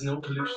is no pollution.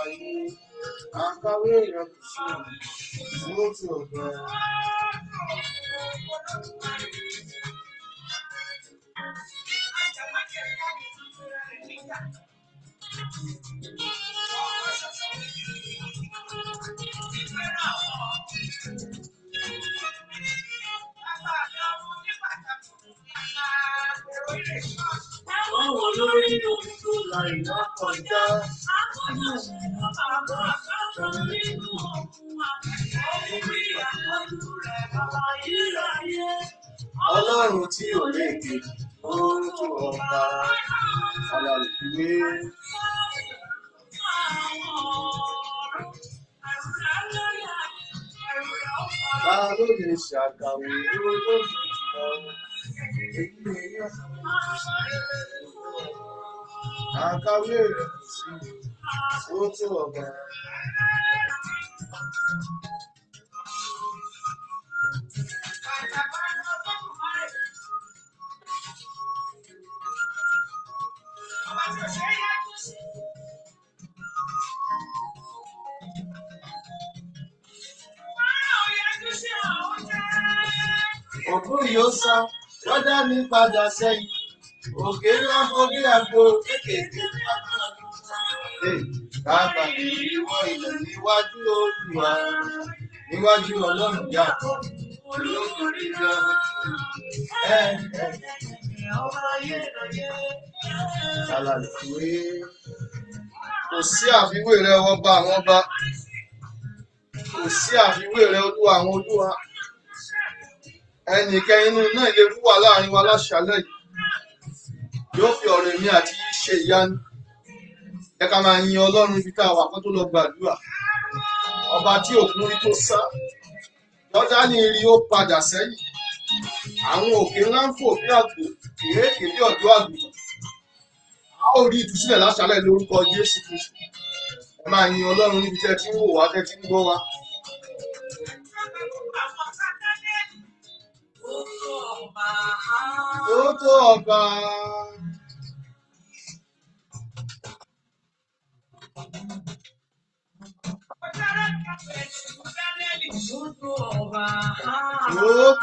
ayé akáwé ìrẹsì ló ti ọ̀dọ̀ Àwọn olórí láìlá kọjá. Ọlọ́run tí ò lè gbé orúkọ ọba alàlùfíwé. Ta ló lè ṣàkàwé lórí òṣèlú ọ̀hún? Èyí ni èyí ọ̀sán àkàwé rẹ̀ kò sí ó tó ọ̀gá. Òkú yóò sá, wọ́n dá mi padà sẹ́yìn. Òkèlè ọkọ̀dé àgbo kéékèèké. Bàbá mi ìwọ ilẹ̀ níwájú Olúwa níwájú Ọlọ́run yàtọ̀. Olóògbé lọ. Ẹ ẹ. Ṣàlàyé pé kò sí àfiwé rẹ wọ́n bá àwọn bá. Kò sí àfiwé rẹ olúwa àwọn olúwa. Ẹnìkan inú náà lè rú láàrin wa láṣàlẹ̀ yìí yóò fi ọ̀rọ̀ èmi àti ṣe ìyanu ẹ ká máa yin ọlọ́run ibi tá a wà kó tó lọ gbàdúrà ọba tí òkun rí tó sá jọ́dánì rí ó padà sẹ́yìn àwọn òkè ńlá ń fò bí àgbò kéékèèké bí ọ̀dọ́ àgùntàn a ó rí ìtúsílẹ̀ láṣálẹ̀ lórúkọ Jésù Kristu ẹ máa yin ọlọ́run níbi tẹ́ ti ń wò wá tẹ́ ti ń gbọ́ wá. Ó tó ọba. Ó tó ọba.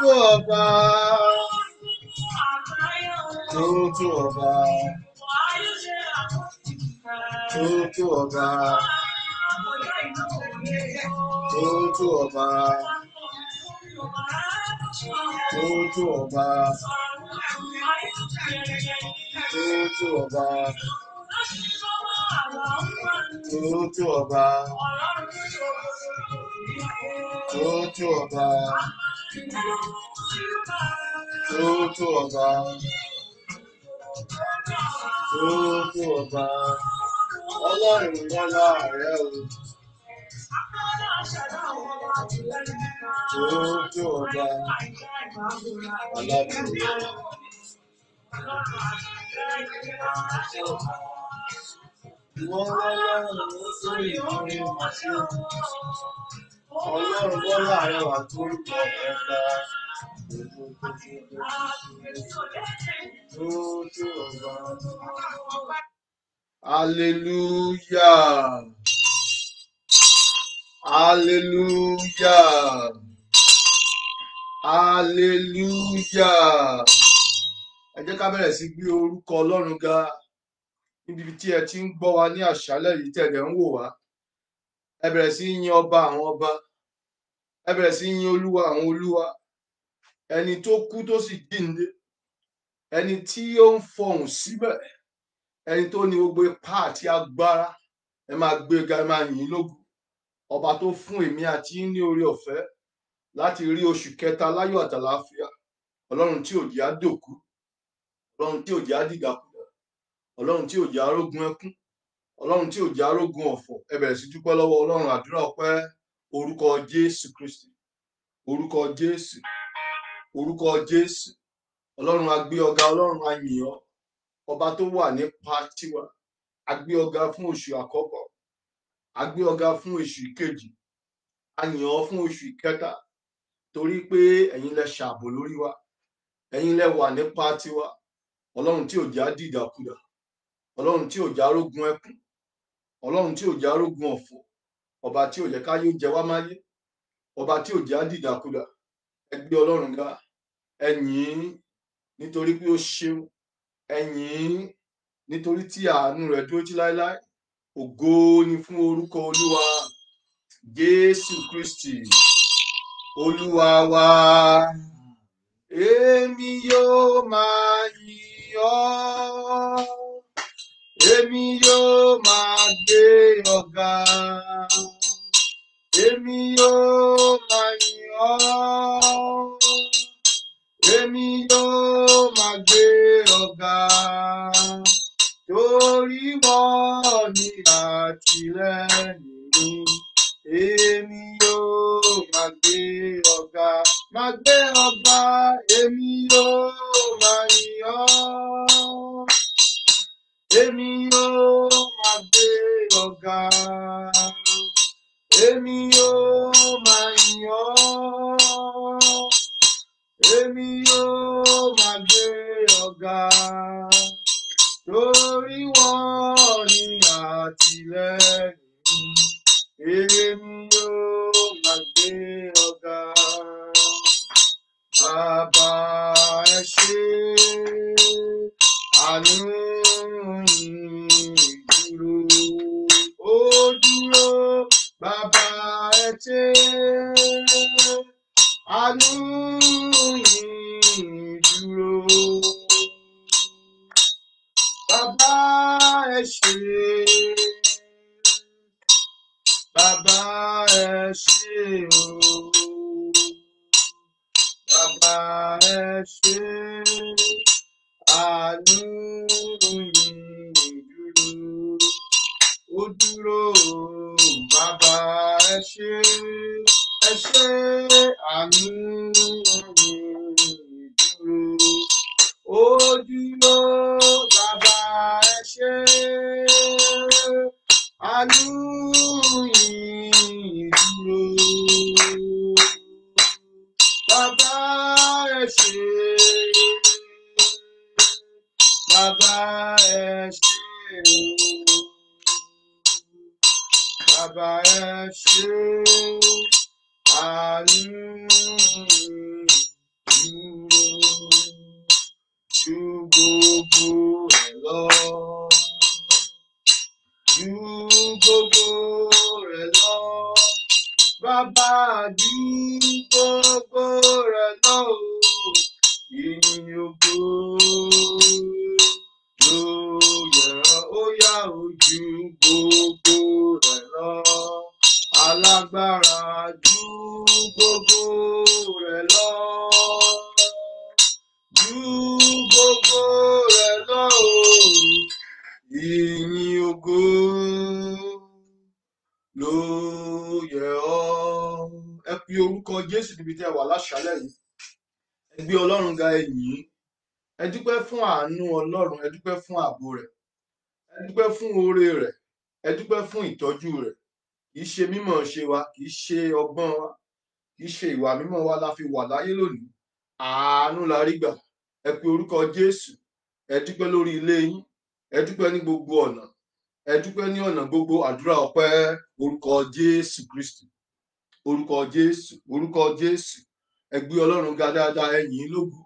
tó ọba. Tó tó ọba. Tó tó ọba. Tó tó ọba. Tó tó ọba. Tó tó ọba. Tó tó ọba. Tó tó ọba. Tótó ọba. Tótó ọba. Ọlọ́run wọn láàárẹ̀ o. Tótó ọba. Alábìyẹ. Wọ́n lọ́lọ́run ló sórí ìkọrin màṣẹ́. Ọlọ́run wọn láàárẹ̀ wà tó ń bọ̀ ẹ̀ka. Hallelujah. Hallelujah. Hallelujah. Ẹ jẹ́ ká bẹ̀rẹ̀ sí gbé orúkọ Ọlọ́run ga níbi tí ẹ ti ń gbọ́ wa ní àṣálẹ̀ yìí tẹ̀lé ń wò wá. Ẹ bẹ̀rẹ̀ sí yin ọba àwọn ọba. Ẹ bẹ̀rẹ̀ sí yin olúwa àwọn olúwa ẹni tó kú tó sì jíǹde ẹni tí ó ń fọhùn síbẹ̀ ẹni tó ní gbogbo ipá àti agbára ẹ máa gbéga ẹ máa yìn lógo ọba tó fún èmi àti yín ní oore ọ̀fẹ́ láti rí oṣù kẹta láyọ̀ àtàlàáfíà ọlọ́run tí òjì á dòkú ọlọ́run tí òjì á dìgbàkúdà ọlọ́run tí òjì á rógun ẹkún ọlọ́run tí òjì á rógun ọ̀fọ̀ ẹ bẹ̀rẹ̀ sí dúpẹ́ lọ́wọ́ ọlọ́run àdúrà ọpẹ́ orúkọ jésù kristi orúkọ jésù orúkọ jésù ọlọ́run a gbé ọ̀gá ọlọ́run a yìn ọ́ ọba tó wà nípa tiwa a gbé ọ̀gá fún oṣù àkọ́kọ́ a gbé ọ̀gá fún oṣù kejì a yìn ọ́ fún oṣù kẹta torí pé ẹ̀yin lẹ ṣààbò lórí wa ẹ̀yin lẹ wà nípa tiwa ọlọ́run tí ò já dìdàkudà ọlọ́run tí ò já rógun ẹkún ọlọ́run tí ò rógun ọ̀fọ̀ ọba tí ò yẹ jẹ wá máyé ọba tí ò dìdàkudà ẹ gbé ọlọ́run ga ẹ yìn ín nítorí pé ó ṣeun ẹ yìn ín nítorí tí àánú rẹ̀ dúró tì láéláé ògo ni fún orúkọ olúwa jésù kristi olúwa wa èmi yóò máa yìn ọ́ èmi yóò máa gbé ọ̀gá èmi yóò máa yìn ọ́ èmi yóò máa gbé ọ̀gá torí wọ́n ní àtìlẹ́yìn mi èmi yóò máa gbé ọ̀gá máa gbé ọ̀gá èmi yóò máa yìn èmi yóò máa gbé ọ̀gá èmi yóò máa yìn ọ́ èmi yóò máa gbé ọ̀gá torí wọ́n ní àtìlẹ́yìn èmi yóò máa gbé ọ̀gá bàbá ẹ ṣé àánú ìdúró ó dúró. Baba ẹ anu àánú yìí dúró bàbá ẹ ṣé bàbá ẹ o bàbá ẹ ṣé àánú ó dúró bàbá ẹ ṣé ẹ ṣé àánú ìdúró ó dúró bàbá ẹ ṣé àánú ìdúró bàbá ẹ ṣé bàbá ẹ bàbá ẹ ṣé àánú dúró ju gbogbo ẹ lọ ju gbogbo rẹ lọ bàbá ju gbogbo bí orúkọ Jésù níbi tí a wà láṣálẹ́ yìí ẹ gbé Ọlọ́run ga ẹ̀yìn ẹ dúpẹ́ fún àánú Ọlọ́run ẹ dúpẹ́ fún ààbò rẹ̀ ẹ dúpẹ́ fún oore rẹ̀ ẹ dúpẹ́ fún ìtọ́jú rẹ̀ kì ṣe mímọ̀ ṣe wa kì ṣe ọgbọ́n wa kì ṣe ìwà mímọ́ wa la fi wà láyé lónìí àánú la rí gbà ẹ pe orúkọ Jésù ẹ dúpẹ́ lórí ilé yín ẹ dúpẹ́ ní gbogbo ọ̀nà ẹ dúpẹ́ ní ọ̀nà gbogbo àdúrà ọpẹ́ orúkọ Jésù Kristi orúkọ jésù orúkọ jésù ẹ gbé ọlọ́run ga dáadáa ẹ yìn ín lógo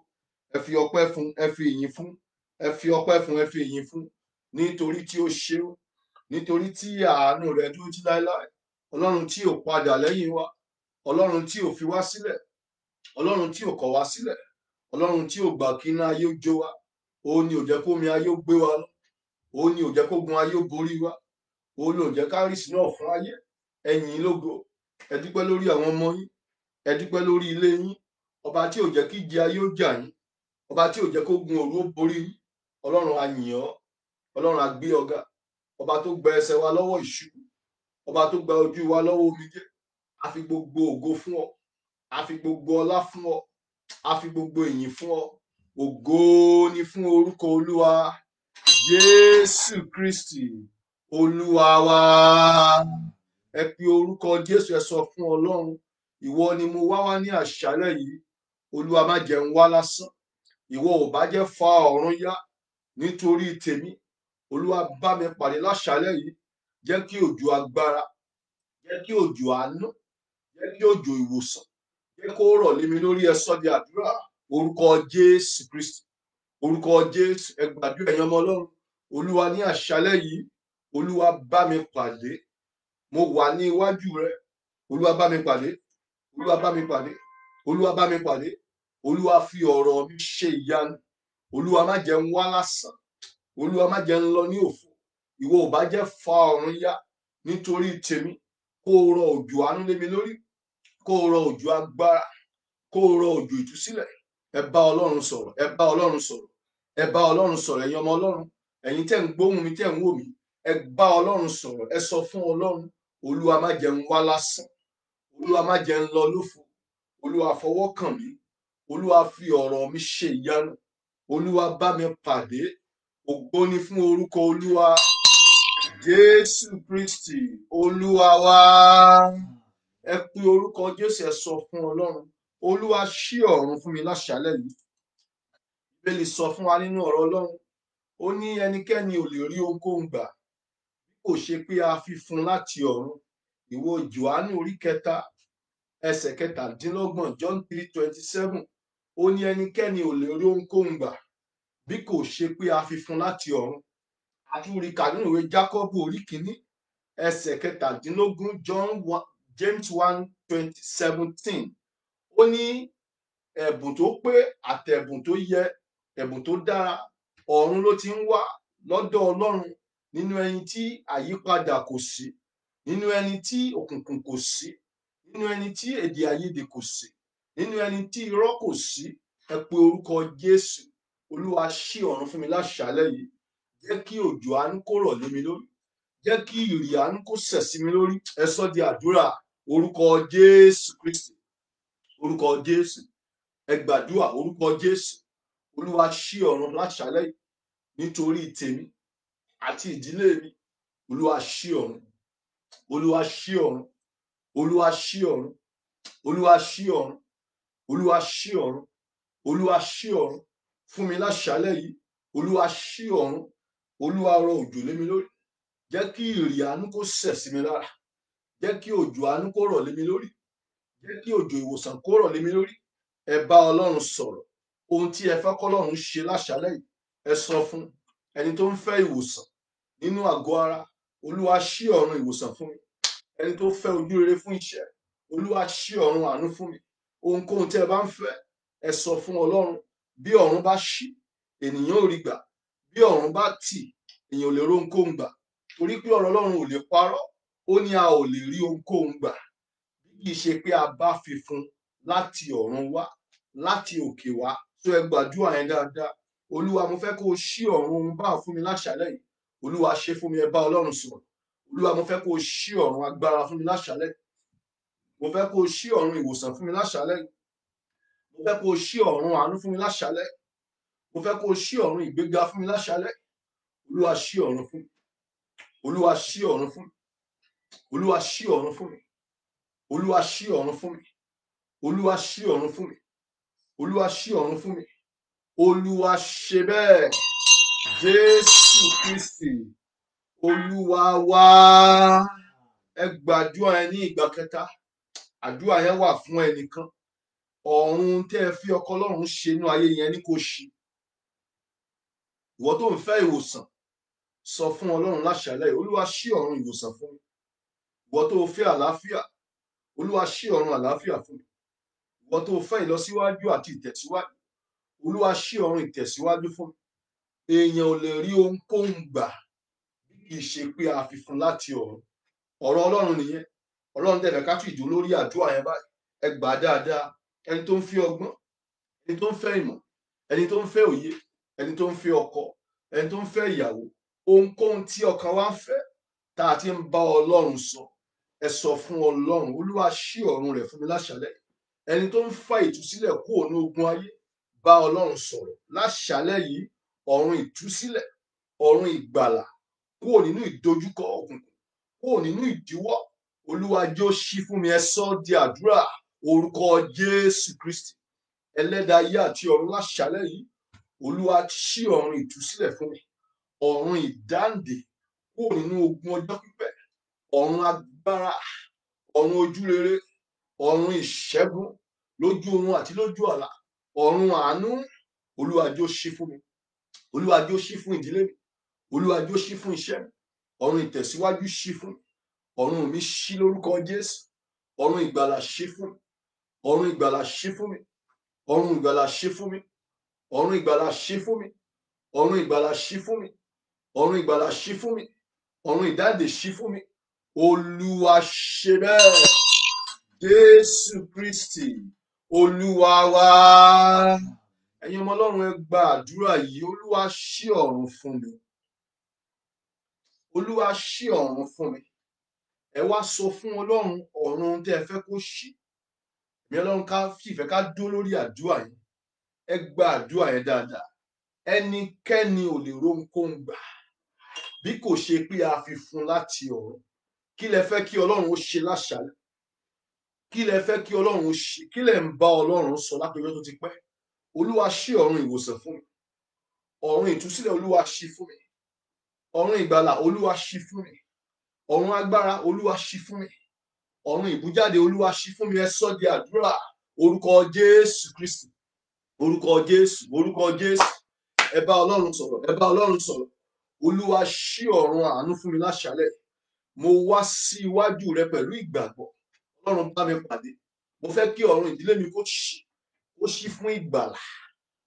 ẹ fi ọpẹ́ fún ẹ fi ìyìn fún ẹ fi ọpẹ́ fún ẹ fi ìyìn fún nítorí tí ó ṣeun nítorí tí àánú rẹ̀ dúró jí láéláé ọlọ́run tí ò padà lẹ́yìn wa ọlọ́run tí ò fi wá sílẹ̀ ọlọ́run tí ò kọ̀ wá sílẹ̀ ọlọ́run tí ò gbà kí iná ayé jó wa òun ni ò kó omi ayé gbé wa lọ òun ni ò kó gun ayé borí wa òun ni ò ká rí sínú ọ̀fun ayé ẹ̀yìn lógo ẹ dúpẹ́ lórí àwọn ọmọ yín ẹ dúpẹ́ lórí ilé yín ọba tí ò jẹ́ kí ìjẹ ayé ó jà yín ọba tí ò jẹ́ kó gun òru ó borí yín ọlọ́run àyìnọ́ ọlọ́run àgbé ọ̀gá ọba tó gba ẹsẹ̀ wa lọ́wọ́ ìṣubú ọba tó gba ojú wa lọ́wọ́ omijé a fi gbogbo ògo fún ọ a fi gbogbo ọlá fún ọ a fi gbogbo ìyìn fún ọ ògo ni fún orúkọ olúwa jésù kristi olúwa wa ẹ pe orúkọ jésù ẹ sọ fún ọlọ́run ìwọ ni mo wá wá ní àṣálẹ́ yìí olúwa má jẹ́ n wá lásán ìwọ ò bá jẹ́ fa ọ̀run yá nítorí tèmi olúwa bá mi pàdé láṣálẹ́ yìí jẹ́ kí òjò agbára jẹ́ kí òjò àánú jẹ́ kí òjò ìwòsàn jẹ́ kó rọ̀ lé lórí ẹsọ di àdúrà orúkọ jésù kristi orúkọ jésù ẹ gbàdúrà ẹ̀yin olúwa ní àṣálẹ́ yìí olúwa bá mi pàdé mo wà ní iwájú rẹ olúwa bá mi pàdé olúwa bá mi pàdé olúwa bá mi pàdé olúwa fi ọ̀rọ̀ mi ṣe ìyanu olúwa má jẹ́ ń wá lásán olúwa má jẹ́ ń lọ ní òfò ìwọ ò bá jẹ́ fa ọ̀run ya nítorí tèmi kó o rọ òjò àánú lé mi lórí kó o rọ òjò agbára kó o rọ òjò ìtúsílẹ̀ ẹ bá ọlọ́run sọ̀rọ̀ ẹ bá ọlọ́run sọ̀rọ̀ ẹ bá ọlọ́run sọ̀rọ̀ ẹ̀yin ọmọ ọlọ́run ẹ̀yin tẹ́ ń gbóhùn mi tẹ́ ń wò mí ẹ bá ọlọ́run sọ̀rọ̀ ẹ sọ fún ọlọ́run olúwa má jẹ́ wá lásán olúwa má jẹ́ lọ lófo olúwa fọwọ́ kàn mí olúwa fi ọ̀rọ̀ mi ṣe ìyanu olúwa bá mi pàdé ògo ni fún orúkọ olúwa jésù kristi olúwa wa ẹ pe orúkọ jésù ẹ sọ fún ọlọ́run olúwa ṣí ọ̀run fún mi láṣálẹ́ yìí bẹ́ẹ̀ sọ fún wa nínú ọ̀rọ̀ ọlọ́run ó ní ẹnikẹ́ni ò lè rí ohunkóhun gbà kò ṣe pé a fi fún láti ọ̀run ìwọ johannu orí kẹta ẹsẹ̀ kẹtàdínlọ́gbọ̀n john three twenty seven ó ní ẹnikẹ́ni ò lè rí ohunkóhun gbà bí kò ṣe pé a fi fún láti ọ̀run àtúrí kà nínú ìwé jákọ́bù orí kìíní ẹsẹ̀ kẹtàdínlógún john james one twenty seventeen ó ní ẹ̀bùn tó pé àtẹ̀bùn tó yẹ ẹ̀bùn tó dára ọ̀run ló ti ń wá lọ́dọ̀ ọlọ́run nínú ẹni tí àyípadà kò sí nínú ẹni tí òkùnkùn kò sí nínú ẹni tí èdè àìyedè kò sí nínú ẹni tí irọ́ kò sí ẹ pe orúkọ jésù olúwa ṣí ọ̀run fún mi láṣálẹ́ yìí jẹ́ kí òjò àánú kó rọ̀ lé mi lórí jẹ́ kí ìrì àánú sẹ̀ sí mi lórí ẹ sọ di àdúrà orúkọ jésù kristi orúkọ jésù ẹ gbàdúrà orúkọ jésù olúwa ṣí ọ̀run láṣálẹ́ yìí nítorí tèmi àti ìdílé mi olúwa ṣí ọ̀run olúwa ṣí ọ̀run olúwa ṣí ọ̀run olúwa ṣí ọ̀run olúwa ṣí ọ̀run olúwa ṣí ọ̀run fún mi láṣálẹ́ yìí olúwa ṣí ọ̀run olúwa rọ òjò lé mi lórí jẹ́ kí ìrì àánú kó sẹ̀ sí mi lára jẹ́ kí òjò àánú kó rọ̀ lé mi lórí jẹ́ kí òjò ìwòsàn kó rọ̀ lé mi lórí ẹ bá Ọlọ́run sọ̀rọ̀ ohun tí ẹ fẹ́ kọ́lọ́run ṣe láṣálẹ́ yìí ẹ sọ fún ẹni tó ń fẹ́ ìwòsàn nínú àgọ́ ara olúwa ṣí ọ̀run ìwòsàn fún mi ẹni tó fẹ́ ojú rere fún iṣẹ́ olúwa ṣí ọ̀run àánú fún mi ohunkóhun tí ẹ bá ń fẹ́ ẹ sọ fún ọlọ́run bí ọ̀run bá ṣí ènìyàn ò rí gbà bí ọ̀run bá tì èèyàn ò lè rohunkóhun gbà torí pé ọ̀rọ̀ ọlọ́run ò lè parọ́ ó ní a ò lè rí ohunkóhun gbà bí kì í ṣe pé a bá fi fún láti ọ̀run wá láti òkè wá tó ẹ gbàdúrà yẹn dáadáa olúwa mo fẹ́ kó o ṣí ọ̀run ohun báà fún mi láṣálẹ́ yìí olúwa ṣe fún mi ẹ bá ọlọ́run sọ̀rọ̀ olúwa mo fẹ́ kó o ṣí ọ̀run agbára fún mi láṣálẹ́ mo fẹ́ kó o ṣí ọ̀run ìwòsàn fún mi láṣálẹ́ mo fẹ́ kó o ṣí ọ̀run àánú fún mi láṣálẹ́ mo fẹ́ kó o ṣí ọ̀run ìgbéga fún mi láṣálẹ́ olúwa ṣí ọ̀run fún mi olúwa ṣí ọ̀run fún mi olúwa ṣí ọ̀run fún mi olúwa ṣí ọ̀run fún mi olúwa ṣí ọ̀run fún mi olúwa ṣí ọ̀run fún mi olúwa ṣe bẹ́ẹ̀ jésù. Jésù Kristi Olúwa wa ẹ gbàdúrà ẹ ní ìgbà kẹta àdúrà yẹn wà fún ẹnìkan ọ̀run tẹ́ ẹ fi ọkọ Ọlọ́run ṣe inú ayé yẹn ní kò ṣe ìwọ tó ń fẹ́ ìwòsàn sọ fún Ọlọ́run láṣálẹ́ Olúwa ṣí ọ̀run ìwòsàn fún mi ìwọ tó fẹ́ àlàáfíà Olúwa ṣí ọ̀run àlàáfíà fún mi ìwọ tó fẹ́ ìlọsíwájú àti ìtẹ̀síwájú Olúwa ṣí ọ̀run ìtẹ̀síwájú fún mi èèyàn ò lè rí ohunkóhun gbà bí kì í ṣe pé a fi fún láti ọ̀run ọ̀rọ̀ ọlọ́run nìyẹn ọlọ́run tẹ̀lé ká fìdí olórí àdúrà yẹn báyìí ẹ gbà dáadáa ẹni tó ń fẹ́ ọgbọ́n ẹni tó ń fẹ́ ìmọ̀ ẹni tó ń fẹ́ òye ẹni tó ń fẹ́ ọkọ ẹni tó ń fẹ́ ìyàwó ohunkóhun tí ọkàn wa ń fẹ́ tá a ti ń bá ọlọ́run sọ ẹ sọ fún ọlọ́run olúwa ṣí ọ̀run rẹ̀ fún mi láṣálẹ́ ẹni tó ń fa ìtúsílẹ̀ kúrò ní ogun ayé bá ọlọ́run sọ̀rọ̀ láṣálẹ́ yìí ọ̀run ìtúsílẹ̀ ọ̀run ìgbàlà kúrò nínú ìdojúkọ òkùnkùn kúrò nínú ìdíwọ́ olúwa jẹ́ ó ṣí fún mi ẹ sọ di àdúrà orúkọ jésù kristi ẹlẹ́dàá ayé àti ọ̀run láṣálẹ́ yìí olúwa ṣí ọ̀run ìtúsílẹ̀ fún mi ọ̀run ìdáǹdè kúrò nínú ogun ọjọ́ pípẹ́ ọ̀run agbára ọ̀run ojúrere ọ̀run ìṣẹ́gun lójú oorun àti lójú àlá ọ̀run àánú olúwa jẹ́ ó ṣí fún mi olúwa jẹ́ ó ṣí fún ìdílé mi olúwa jẹ́ ó ṣí fún iṣẹ́ mi ọ̀run ìtẹ̀síwájú ṣí fún mi ọ̀run mi ṣí lórúkọ jésù ọ̀run ìgbàlà ṣí fún mi ọ̀run ìgbàlà ṣí fún mi ọ̀run ìgbàlà ṣí fún mi ọ̀run ìgbàlà ṣí fún mi ọ̀run ìgbàlà ṣí fún mi ọ̀run ìgbàlà ṣí fún mi ọ̀run ìdáǹdè ṣí fún mi olúwa ṣe bẹ́ẹ̀ jésù kristi olúwa wá ẹ̀yin ọmọ ọlọ́run ẹ gba àdúrà yìí olúwa ṣí ọ̀run fún mi olúwa ṣí ọ̀run fún mi ẹ wá sọ fún ọlọ́run ọ̀run tẹ́ ẹ fẹ́ kó ṣí èmi ọlọ́run ká fìfẹ́ ká dó lórí àdúrà yìí ẹ gba àdúrà yẹn dáadáa ẹnikẹ́ni ò lè rohunkóhun gbà bí kò ṣe pé a fi fún láti ọ̀run kí lẹ fẹ́ kí ọlọ́run ó ṣe láṣálẹ́ kí lẹ fẹ́ kí ọlọ́run ó ṣe kí lẹ ń bá ọlọ́run sọ lápẹjọ tó ti pẹ́ olúwa ṣí ọ̀run ìwòsàn fún mi ọ̀run ìtúsílẹ̀ olúwa ṣí fún mi ọ̀run ìgbàlà olúwa ṣí fún mi ọ̀run agbára olúwa ṣí fún mi ọ̀run ìbújáde olúwa ṣí fún mi ẹ sọ di àdúrà orúkọ jésù kristi orúkọ jésù orúkọ jésù ẹ bá ọlọ́run sọ̀rọ̀ ẹ bá ọlọ́run sọ̀rọ̀ olúwa ṣí ọ̀run àánú fún mi láṣálẹ̀ mo wá sí iwájú rẹ pẹ̀lú ìgbàgbọ́ ọlọ́run bá mi pàdé mo fẹ́ kí ọ̀run ìdílé mi kó ṣí kó ṣí fún ìgbàlà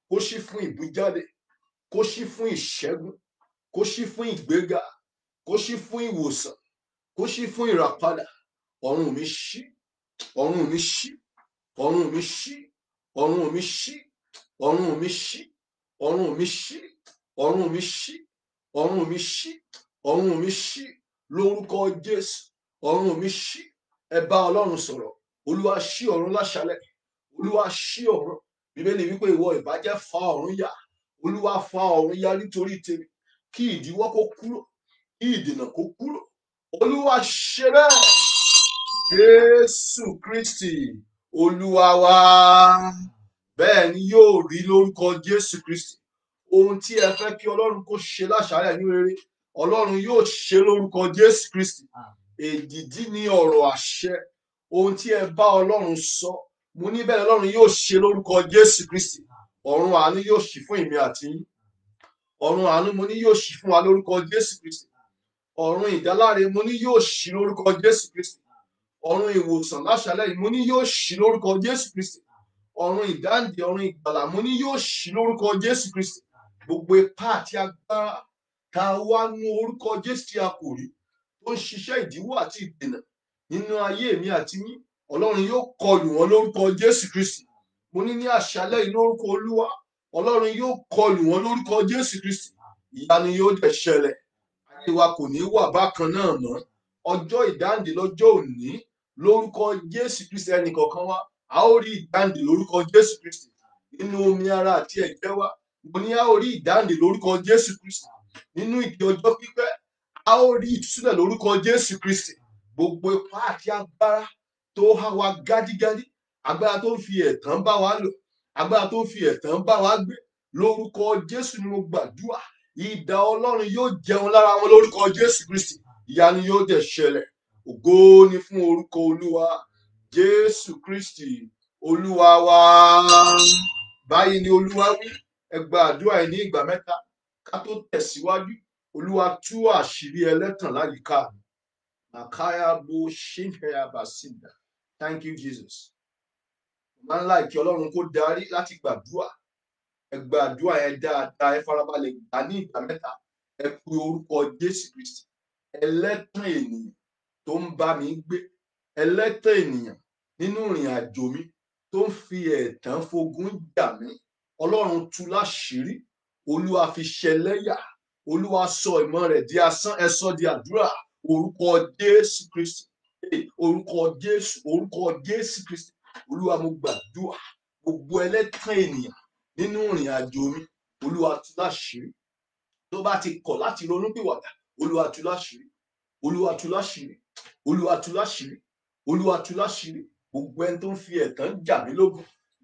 kó ṣí fún ìbújáde kó ṣí fún ìṣẹ́gun kó ṣí fún ìgbéga kó ṣí fún ìwòsàn kó ṣí fún ìràpadà ọ̀run mi ṣí ọ̀run mi ṣí ọ̀run mi ṣí ọ̀run mi ṣí ọ̀run mi ṣí ọ̀run mi ṣí ọ̀run mi ṣí ọ̀run mi ṣí ọ̀run mi ṣí lórúkọ Jésù ọ̀run mi ṣí ẹ bá Ọlọ́run sọ̀rọ̀ Olúwa ṣí ọ̀run láṣálẹ́ olúwa ṣí ọ̀run bíbélì wípé ìwọ ìbàjẹ́ fa ọ̀run yá olúwa fa ọ̀run yá nítorí tèmi kí ìdíwọ́ kó kúrò kí ìdènà kó kúrò olúwa ṣe bẹ́ẹ̀ jésù kristi olúwa wa bẹ́ẹ̀ ni yóò rí lórúkọ jésù kristi ohun tí ẹ fẹ́ kí ọlọ́run kó ṣe láṣàárẹ̀ ní rere ọlọ́run yóò ṣe lórúkọ jésù kristi èdìdí ni ọ̀rọ̀ àṣẹ ohun tí ẹ bá ọlọ́run sọ. So mo ní bẹ́ẹ̀ lọ́run yóò ṣe lórúkọ jésù kristi ọ̀run àánú yóò ṣí fún èmi àti yín ọ̀run àánú mo ní yóò ṣí fún wa lórúkọ jésù kristi ọ̀run ìdáláre mo ní yóò ṣí lórúkọ jésù kristi ọ̀run ìwòsàn láṣálẹ̀ yìí mo ní yóò ṣí lórúkọ jésù kristi ọ̀run ìdáǹdè ọ̀run ìgbàlà mo ní yóò ṣí lórúkọ jésù kristi gbogbo ipá àti agbára tá a wá nu orúkọ jésù tí a kò rí tó ń ṣiṣẹ́ ìdíwọ́ àti ìdènà nínú ayé mi àti yín ọlọ́run yóò kọlù wọn lórúkọ jésù kristi mo ní ní àṣálẹ́ yìí lórúkọ olúwa ọlọ́run yóò kọlù wọn lórúkọ jésù kristi ìyanu yóò dẹ̀ ṣẹlẹ̀ ayé wa kò ní wà bákan náà mọ́ ọjọ́ ìdáǹdè lọ́jọ́ òní lórúkọ jésù kristi ẹnìkọ̀ọ̀kan wa a ó rí ìdáǹdè lórúkọ jésù kristi nínú omi ara àti ẹ̀jẹ̀ wa mo ní a ó rí ìdáǹdè lórúkọ jésù kristi nínú ìdí ọjọ́ pípẹ́ a ó rí ìtúsílẹ̀ lórúkọ jésù kristi gbogbo ipá àti agbára tó há wa gádígádí agbára tó ń fi ẹ̀tàn bá wa lò agbára tó ń fi ẹ̀tàn bá wa gbé lórúkọ jésù ni mo gbàdúrà ìdá ọlọ́run yóò jẹun lára wọn lórúkọ jésù kristi ìyanu yóò dẹ̀ ṣẹlẹ̀ ògo ni fún orúkọ olúwa jésù kristi olúwa wa báyìí ni olúwa wí ẹ àdúrà yìí ní ìgbà mẹ́ta ká tó tẹ̀síwájú olúwa tú àṣírí ẹlẹ́tàn láyìíká mi màkàyà bo ṣínkẹyà bàṣìndà thank you jesus máa ń láì kí ọlọ́run kó darí láti gbàdúrà ẹ gbàdúrà yẹn dáadáa ẹ farabalẹ̀ gbà ní ìgbà mẹ́ta ẹ pe orúkọ jésù kristi ẹlẹ́tàn ènìyàn tó ń bá mi gbé ẹlẹ́tàn ènìyàn nínú ìrìn àjò mi tó ń fi ẹ̀tàn fogun jà mí ọlọ́run tú láṣìírí olúwa fi ṣẹlẹ́yà olúwa sọ ìmọ̀ rẹ̀ di asán ẹ sọ di àdúrà orúkọ jésù kristi orúkọ jésù orúkọ jésù kristi olúwa mo gbàdúrà gbogbo ẹlẹ́tàn ènìyàn nínú ìrìn àjò mi olúwa tú láṣìírí tó bá ti kọ̀ láti ronúpìwàdà olúwa tú láṣìírí olúwa tú láṣìírí olúwa tú láṣìírí olúwa tú láṣìírí gbogbo ẹni tó ń fi ẹ̀tàn jà mí lógun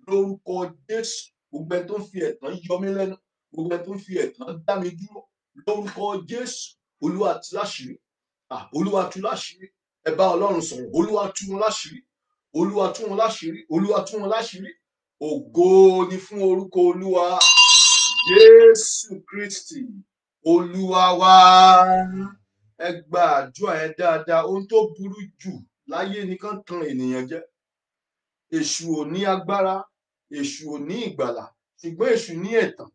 lórúkọ jésù gbogbo ẹni tó ń fi ẹ̀tàn yọ mí lẹ́nu gbogbo ẹni tó ń fi ẹ̀tàn dá mi dúró lórúkọ jésù olúwa tú láṣìírí olúwa tú láṣìírí ẹ bá ọlọ́run sọ̀rọ̀ olúwa tú wọn láṣìírí olúwa tú wọn láṣìírí olúwa tú wọn láṣìírí ògo ni fún orúkọ olúwa jésù kristi olúwa wa ẹ gba àdúrà ẹ dáadáa ohun tó burú jù láyé nìkan tan ènìyàn jẹ èṣù ò ní agbára èṣù ò ní ìgbàlà ṣùgbọ́n èṣù ní ẹ̀tàn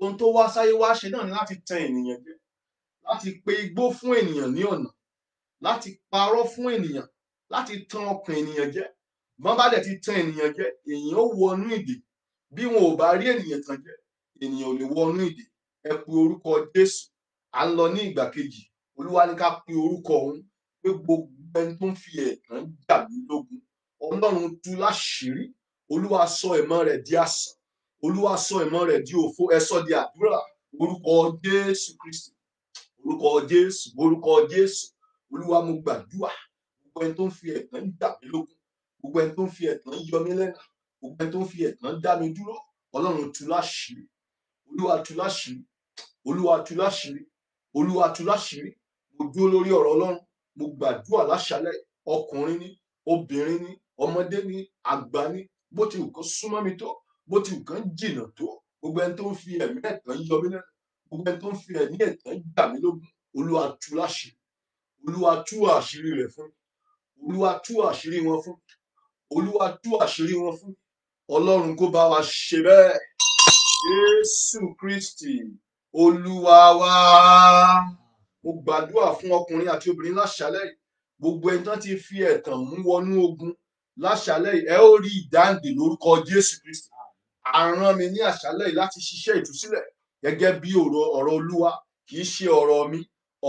ohun tó wá sáyé wá ṣe náà ni láti tan ènìyàn jẹ láti pe igbó fún ènìyàn ní ọ̀nà láti parọ́ fún ènìyàn láti tan ọkàn ènìyàn jẹ bọ́n bá dẹ̀ ti tan ènìyàn jẹ èèyàn ó wọnú ìdè bí wọn ò bá rí ènìyàn tàn jẹ ènìyàn ò lè wọnú ìdè ẹ pe orúkọ Jésù à ń lọ ní ìgbà kejì Olúwa ní ká pe orúkọ òun pé gbogbo ẹni tó ń fi ẹ̀tàn jà mí lógun Ọlọ́run tú láṣìírí Olúwa sọ ẹ̀mọ́ rẹ̀ di àsán Olúwa sọ ẹ̀mọ́ rẹ̀ di òfo ẹ di àdúrà orúkọ Jésù Kristi orúkọ Jésù orúkọ Jésù olúwa mo gbàdúrà gbogbo ẹni tó ń fi ẹ̀tàn dà mí lókun gbogbo ẹni tó ń fi ẹ̀tàn yọ mí lẹ́nu gbogbo ẹni tó ń fi ẹ̀tàn dá mi dúró ọlọ́run tú láṣìírí olúwa tú láṣìírí olúwa tú láṣìírí olúwa tú láṣìírí mo dúró lórí ọ̀rọ̀ ọlọ́run mo gbàdúrà láṣálẹ́ ọkùnrin ni obìnrin ni ọmọdé ni àgbà ni bó ti nǹkan súnmọ́ mi tó bó ti nǹkan jìnnà tó gbogbo ẹni tó ń fi ẹ̀mí ẹ̀tàn yọ mí lẹ́nu gbogbo ẹni tó ń fi ẹ̀mí ẹ̀tàn gbà mí lógun olúwa tú láṣìírí olúwa tú àṣírí rẹ̀ fún olúwa tú àṣírí wọn fún olúwa tú àṣírí wọn fún ọlọ́run kó bá wa ṣe bẹ́ẹ̀ jésù kristi olúwa wa mo gbàdúrà fún ọkùnrin àti obìnrin láṣálẹ́ gbogbo ẹni tán ti fi ẹ̀tàn mú wọnú ogun láṣálẹ́ yìí ẹ ó rí ìdáǹdè lórúkọ jésù kristi àrán mi ní àṣálẹ́ yìí láti ṣiṣẹ́ ìtúsílẹ̀ gẹ́gẹ́ bí ọ̀rọ̀ olúwa kì í ṣe ọ̀rọ̀ mi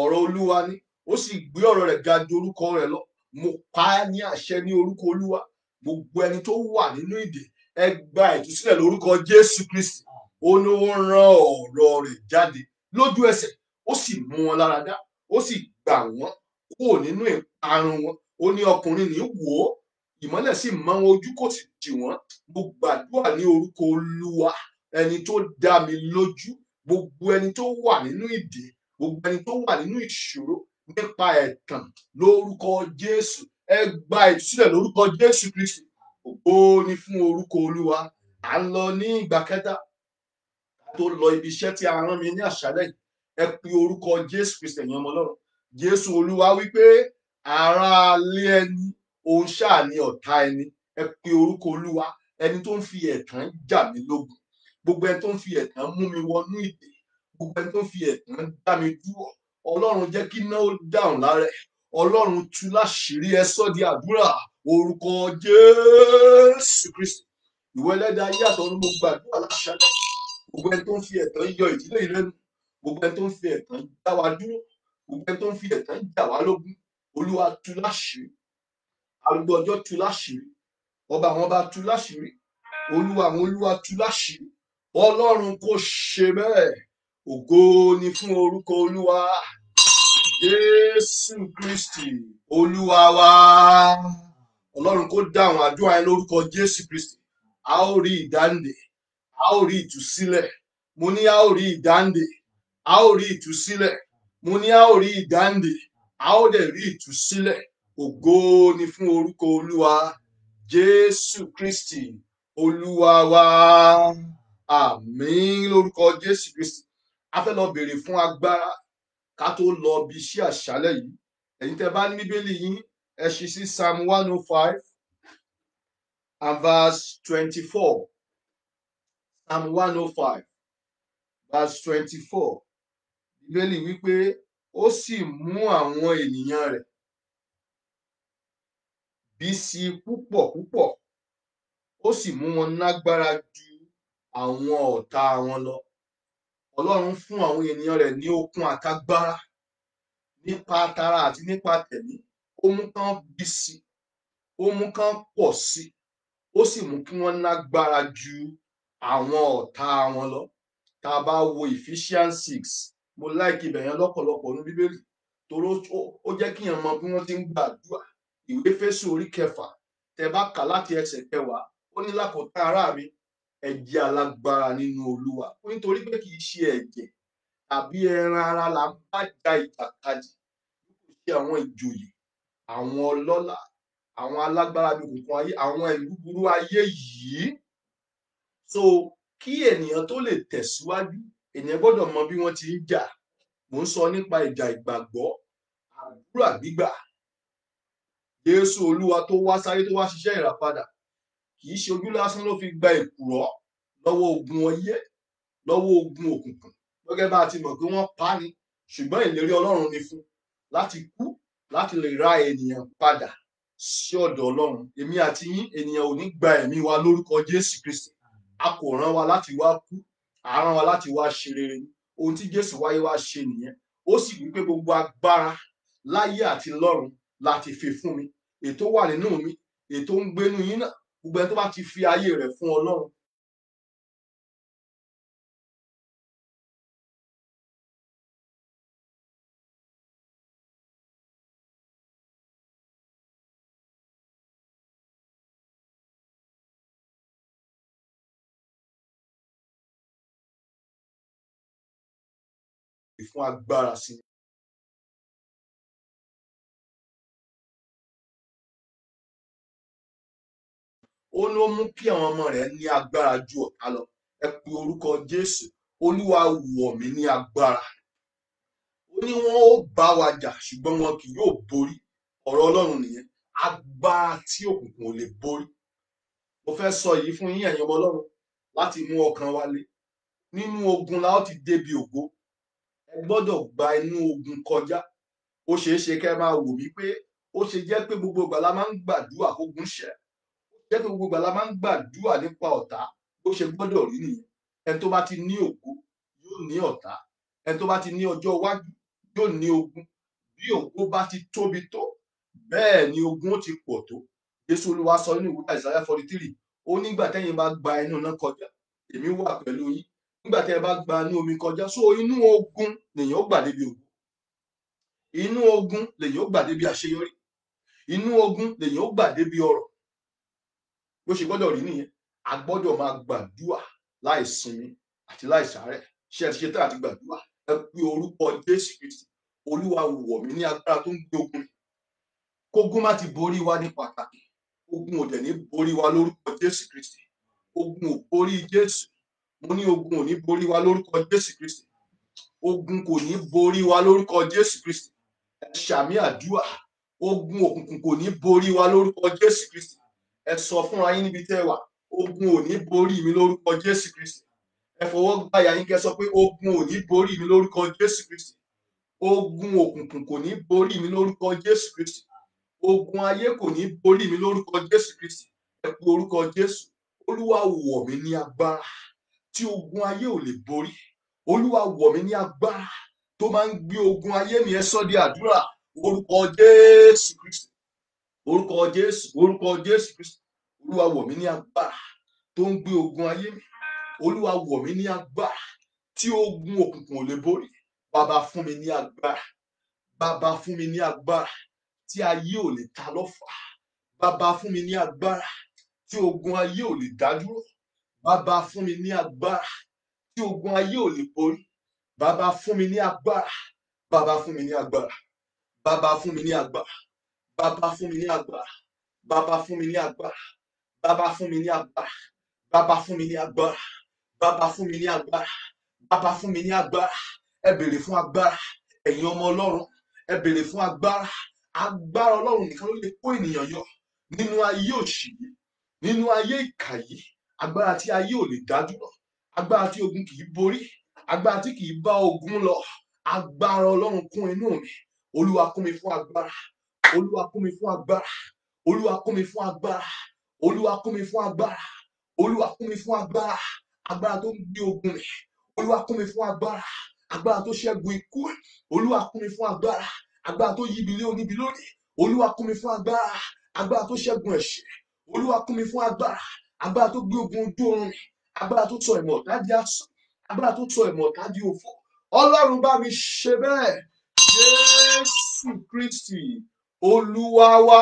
ọ̀rọ̀ olúwa ni ó sì gbé ọ̀rọ̀ rẹ̀ ga ju orúkọ rẹ̀ lọ mo pa á ní àṣẹ ní orúkọ olúwa gbogbo ẹni tó wà nínú ìdè ẹ gba ìtúsílẹ̀ lórúkọ jésù kristi ó ní ó ń rán ọ̀rọ̀ rẹ̀ jáde lójú ẹsẹ̀ ó sì mú wọn lára dá ó sì gbà wọ́n kúrò nínú ìparun wọn ó ní ọkùnrin ní wò ó ìmọ́lẹ̀ sì mọ́ wọn ojú kò sì tì wọ́n mo gbàdúrà ní orúkọ olúwa ẹni tó dá mi lójú gbogbo ẹni tó wà nínú ìdè gbogbo ẹni tó wà nínú ìṣòro nípa ẹ̀tàn lórúkọ Jésù ẹ gba ìtúsílẹ̀ lórúkọ Jésù Kristi ògo ni fún orúkọ Olúwa à ń lọ ní ìgbà kẹta tó lọ ibi iṣẹ́ tí a rán mi ní àṣálẹ́ yìí ẹ pe orúkọ Jésù Kristi ẹ̀yin ọmọ Ọlọ́run Jésù Olúwa wípé ara alé ẹni òun ṣáà ni ọ̀tá ẹni ẹ pe orúkọ Olúwa ẹni tó ń fi ẹ̀tàn jà mí lógun gbogbo ẹni tó ń fi ẹ̀tàn mú mi wọnú ìdè gbogbo ẹni tó ń fi ẹ̀tàn dá mi dúró ọlọ́run jẹ́ kí iná ó dáhùn lára ẹ̀ ọlọ́run tú láṣìírí ẹ sọ́ di àdúrà orúkọ jésù kristi ìwọ ẹlẹ́dàá ayé àtọ̀run mo gbàdúrà láṣálẹ̀ gbogbo ẹni tó ń fi ẹ̀tàn yọ ìdílé ìrẹ́nu gbogbo ẹni tó ń fi ẹ̀tàn dá wa dúró gbogbo ẹni tó ń fi ẹ̀tàn dà wá lógún olúwa tú láṣìírí arúgbó ọjọ́ tú láṣìírí ọba àwọn ọba tú láṣìírí olúwa àwọn olúwa tú láṣìírí ọlọ́run kò ṣe bẹ́ẹ̀ ògo ni fún orúkọ olúwa jésù kristi olúwa wa ọlọ́run kó dá àwọn àdúrà yẹn lórúkọ jésù kristi a ó rí ìdáǹdè a ó rí ìtúsílẹ̀ mo ní a ó rí ìdáǹdè a ó rí ìtúsílẹ̀ mo ní a ó rí ìdáǹdè a ó dẹ̀ rí ìtúsílẹ̀ ògo ni fún orúkọ olúwa jésù kristi olúwa wa àmín lórúkọ jésù kristi a fẹ́ lọ béèrè fún agbára ká tó lọ bí iṣẹ́ àṣálẹ́ yìí ẹ̀yin tẹ́ bá ní bíbélì yín ẹ ṣí sí psalm one oh five and verse twenty-four psalm one oh five verse twenty-four bíbélì wípé ó sì mú àwọn ènìyàn rẹ̀ bí sí púpọ̀ púpọ̀ ó sì mú wọn lágbára ju àwọn ọ̀tá wọn lọ ọlọ́run fún àwọn ènìyàn rẹ̀ ní okun àtagbára nípa tara àti nípa tẹ̀mí ó mú kán bí sí ó mú kán pọ̀ sí ó sì mú kí wọ́n lágbára ju àwọn ọ̀tá wọn lọ tá a bá wo Ephesians six mo láìkí ibẹ̀ yẹn lọ́pọ̀lọpọ̀ ní bíbélì torí ó jẹ́ kíyàn mọ bí wọ́n ti ń gbàdúrà ìwé Éfésù orí kẹfà tẹ bá kà láti ẹsẹ̀ kẹwàá ó ní lákòótán ará mi ẹ jẹ́ alágbára nínú olúwa nítorí pé kì í ṣe ẹ̀jẹ̀ àbí ẹran ara la bá ja ìjàkadì kò sí àwọn ìjòyè àwọn ọlọ́lá àwọn alágbára bí kòkan ayé àwọn ìlú burú ayé yìí so kí ènìyàn tó lè tẹ̀síwájú ènìyàn gbọ́dọ̀ mọ bí wọ́n ti ń jà mò ń sọ nípa ìjà ìgbàgbọ́ àdúrà gbígbà Jésù Olúwa tó wá sáré tó wá ṣiṣẹ́ ìràpadà kì í ṣe ojú lásán ló fi gba èkùrọ́ lọ́wọ́ ogun ọyẹ́ lọ́wọ́ ogun òkùnkùn gẹ́gẹ́ bá a ti mọ̀ pé wọ́n pa ni ṣùgbọ́n ìlérí Ọlọ́run ni fún láti kú láti lè ra ènìyàn padà sí ọ̀dọ̀ Ọlọ́run èmi àti yín ènìyàn ò ní gba ẹ̀mí wa lórúkọ Jésù Kristi a kò rán wa láti wá kú à rán wa láti wá ṣe rere ohun tí Jésù wáyé wá ṣe nìyẹn ó sì wí gbogbo agbára láyé àti lọ́run láti fi fún mi ètò wà nínú mi ètò ń gbénu yín náà gbogbo ẹni tó bá ti fi ayé rẹ̀ fún Ọlọ́run fún agbára sí i. ó ní ó mú kí àwọn ọmọ rẹ̀ ní agbára ju ọ̀tá lọ ẹ pe orúkọ jésù olúwa wọ̀ mí ní agbára ó ní wọn ó bá wa jà ṣùgbọ́n wọn kì yóò borí ọ̀rọ̀ ọlọ́run nìyẹn agbára tí òkùnkùn ò lè borí mo fẹ́ sọ yìí fún yín ẹ̀yin ọmọ ọlọ́run láti mú ọkàn wa le nínú ogun la ó ti débi ògo ẹ gbọ́dọ̀ gba inú ogun kọjá ó ṣeé ṣe máa wò mí pé ó ṣe jẹ́ pé gbogbo ìgbà la máa ń gbàdúrà kógun ṣẹ jẹ́ pé gbogbo gbàlá máa ń gbàdúrà nípa ọ̀tá bó ṣe gbọ́dọ̀ rí nìyẹn ẹni tó bá ti ní ògo yóò ní ọ̀tá ẹni tó bá ti ní ọjọ́ iwájú yóò ní ogun bí ògo bá ti tóbi tó bẹ́ẹ̀ ni ogun ti pọ̀ tó Jésù Olúwa sọ nínú ìwúrà Ìsáyà forty three ó nígbà tẹ́yin bá gba inú náà kọjá èmi wà pẹ̀lú yín nígbà tẹ́ bá gba inú omi kọjá so inú ogun lèyàn ó gbà débi ògo inú ogun lèyàn ó gbà débi àṣeyọrí inú ogun lèyàn ó gbà débi ọrọ̀ bó ṣe gbọ́dọ̀ rí ni a gbọ́dọ̀ máa gbàdúà láì sinmi àti láì sàárẹ̀ ṣe ti ṣe tá àti gbàdúà ẹ pé orúkọ Jésù Kristi Olúwa wọ̀ mí ní agbára tó ń gbé ogun má ti borí wa ní pàtàkì ogun ò dẹ̀ ní borí wa lórúkọ Jésù Kristi ogun ò borí Jésù mo ní ogun ò ní borí wa lórúkọ Jésù Kristi ogun kò ní borí wa lórúkọ Jésù Kristi ẹ ṣàmì àdúà ogun òkùnkùn kò ní borí wa lórúkọ Jésù Kristi ẹ sọ fúnra yín níbi tẹ́ wà ogun ò ní borí mi lórúkọ Jésù Kristi ẹ fọwọ́ gbàyà yín kẹ́ sọ pé ogun ò ní borí mi lórúkọ Jésù Kristi ogun òkùnkùn kò ní borí mi lórúkọ Jésù Kristi ogun ayé kò ní borí mi lórúkọ Jésù Kristi ẹ kú orúkọ Jésù Olúwa wọ̀ mí ní agbára tí ogun ayé ò lè borí Olúwa wọ̀ mí ní agbára tó máa ń gbé ogun ayé mi ẹ sọ di àdúrà orúkọ Jésù Kristi orúkọ jésù orúkọ jésù kristu olúwa wọ̀ mí ní agbára tó ń gbé ogun ayé mi olúwa wọ̀ mí ní agbára tí ogun òkùnkùn ò lè borí bàbá fún mi ní agbára bàbá fún mi ní agbára tí ayé ò lè ta lọ́fà bàbá fún mi ní agbára tí ogun ayé ò lè dádúró bàbá fún mi ní agbára tí ogun ayé ò lè borí bàbá fún mi ní agbára bàbá fún mi ní agbára bàbá fún mi ní agbára baba fún mi ní agbára bàbá fún mi ní agbára bàbá fún mi ní agbára bàbá fún mi ní agbára bàbá fún mi ní agbára bàbá fún mi ní agbára ẹ béèrè fún agbára ẹ̀yin ọmọ ọlọ́run ẹ béèrè fún agbára agbára ọlọ́run nìkan ló lè kó ènìyàn yọ nínú ayé òṣì nínú ayé ìkà agbára tí ayé ò lè dá dúró agbára tí ogun kì í borí agbára tí kì í bá ogun lọ agbára ọlọ́run kún inú mi olúwa kún mi fún agbára olúwa kún mi fún agbára olúwa kún mi fún agbára olúwa kún mi fún agbára olúwa kún mi fún agbára agbára tó ń gbé ogun mi olúwa kún mi fún agbára agbára tó ṣẹ́gun ikú olúwa kún mi fún agbára agbára tó yíbi lé oníbi lónìí olúwa kún mi fún agbára agbára tó ṣẹ́gun ẹ̀ṣẹ̀ olúwa kún mi fún agbára agbára tó gbé ogun ojú oorun mi agbára tó sọ ìmọ̀ ọ̀tá di asán agbára tó sọ ìmọ̀ ọ̀tá òfò ọlọ́run bá mi ṣe bẹ́ẹ̀ jésù kristi olúwa wa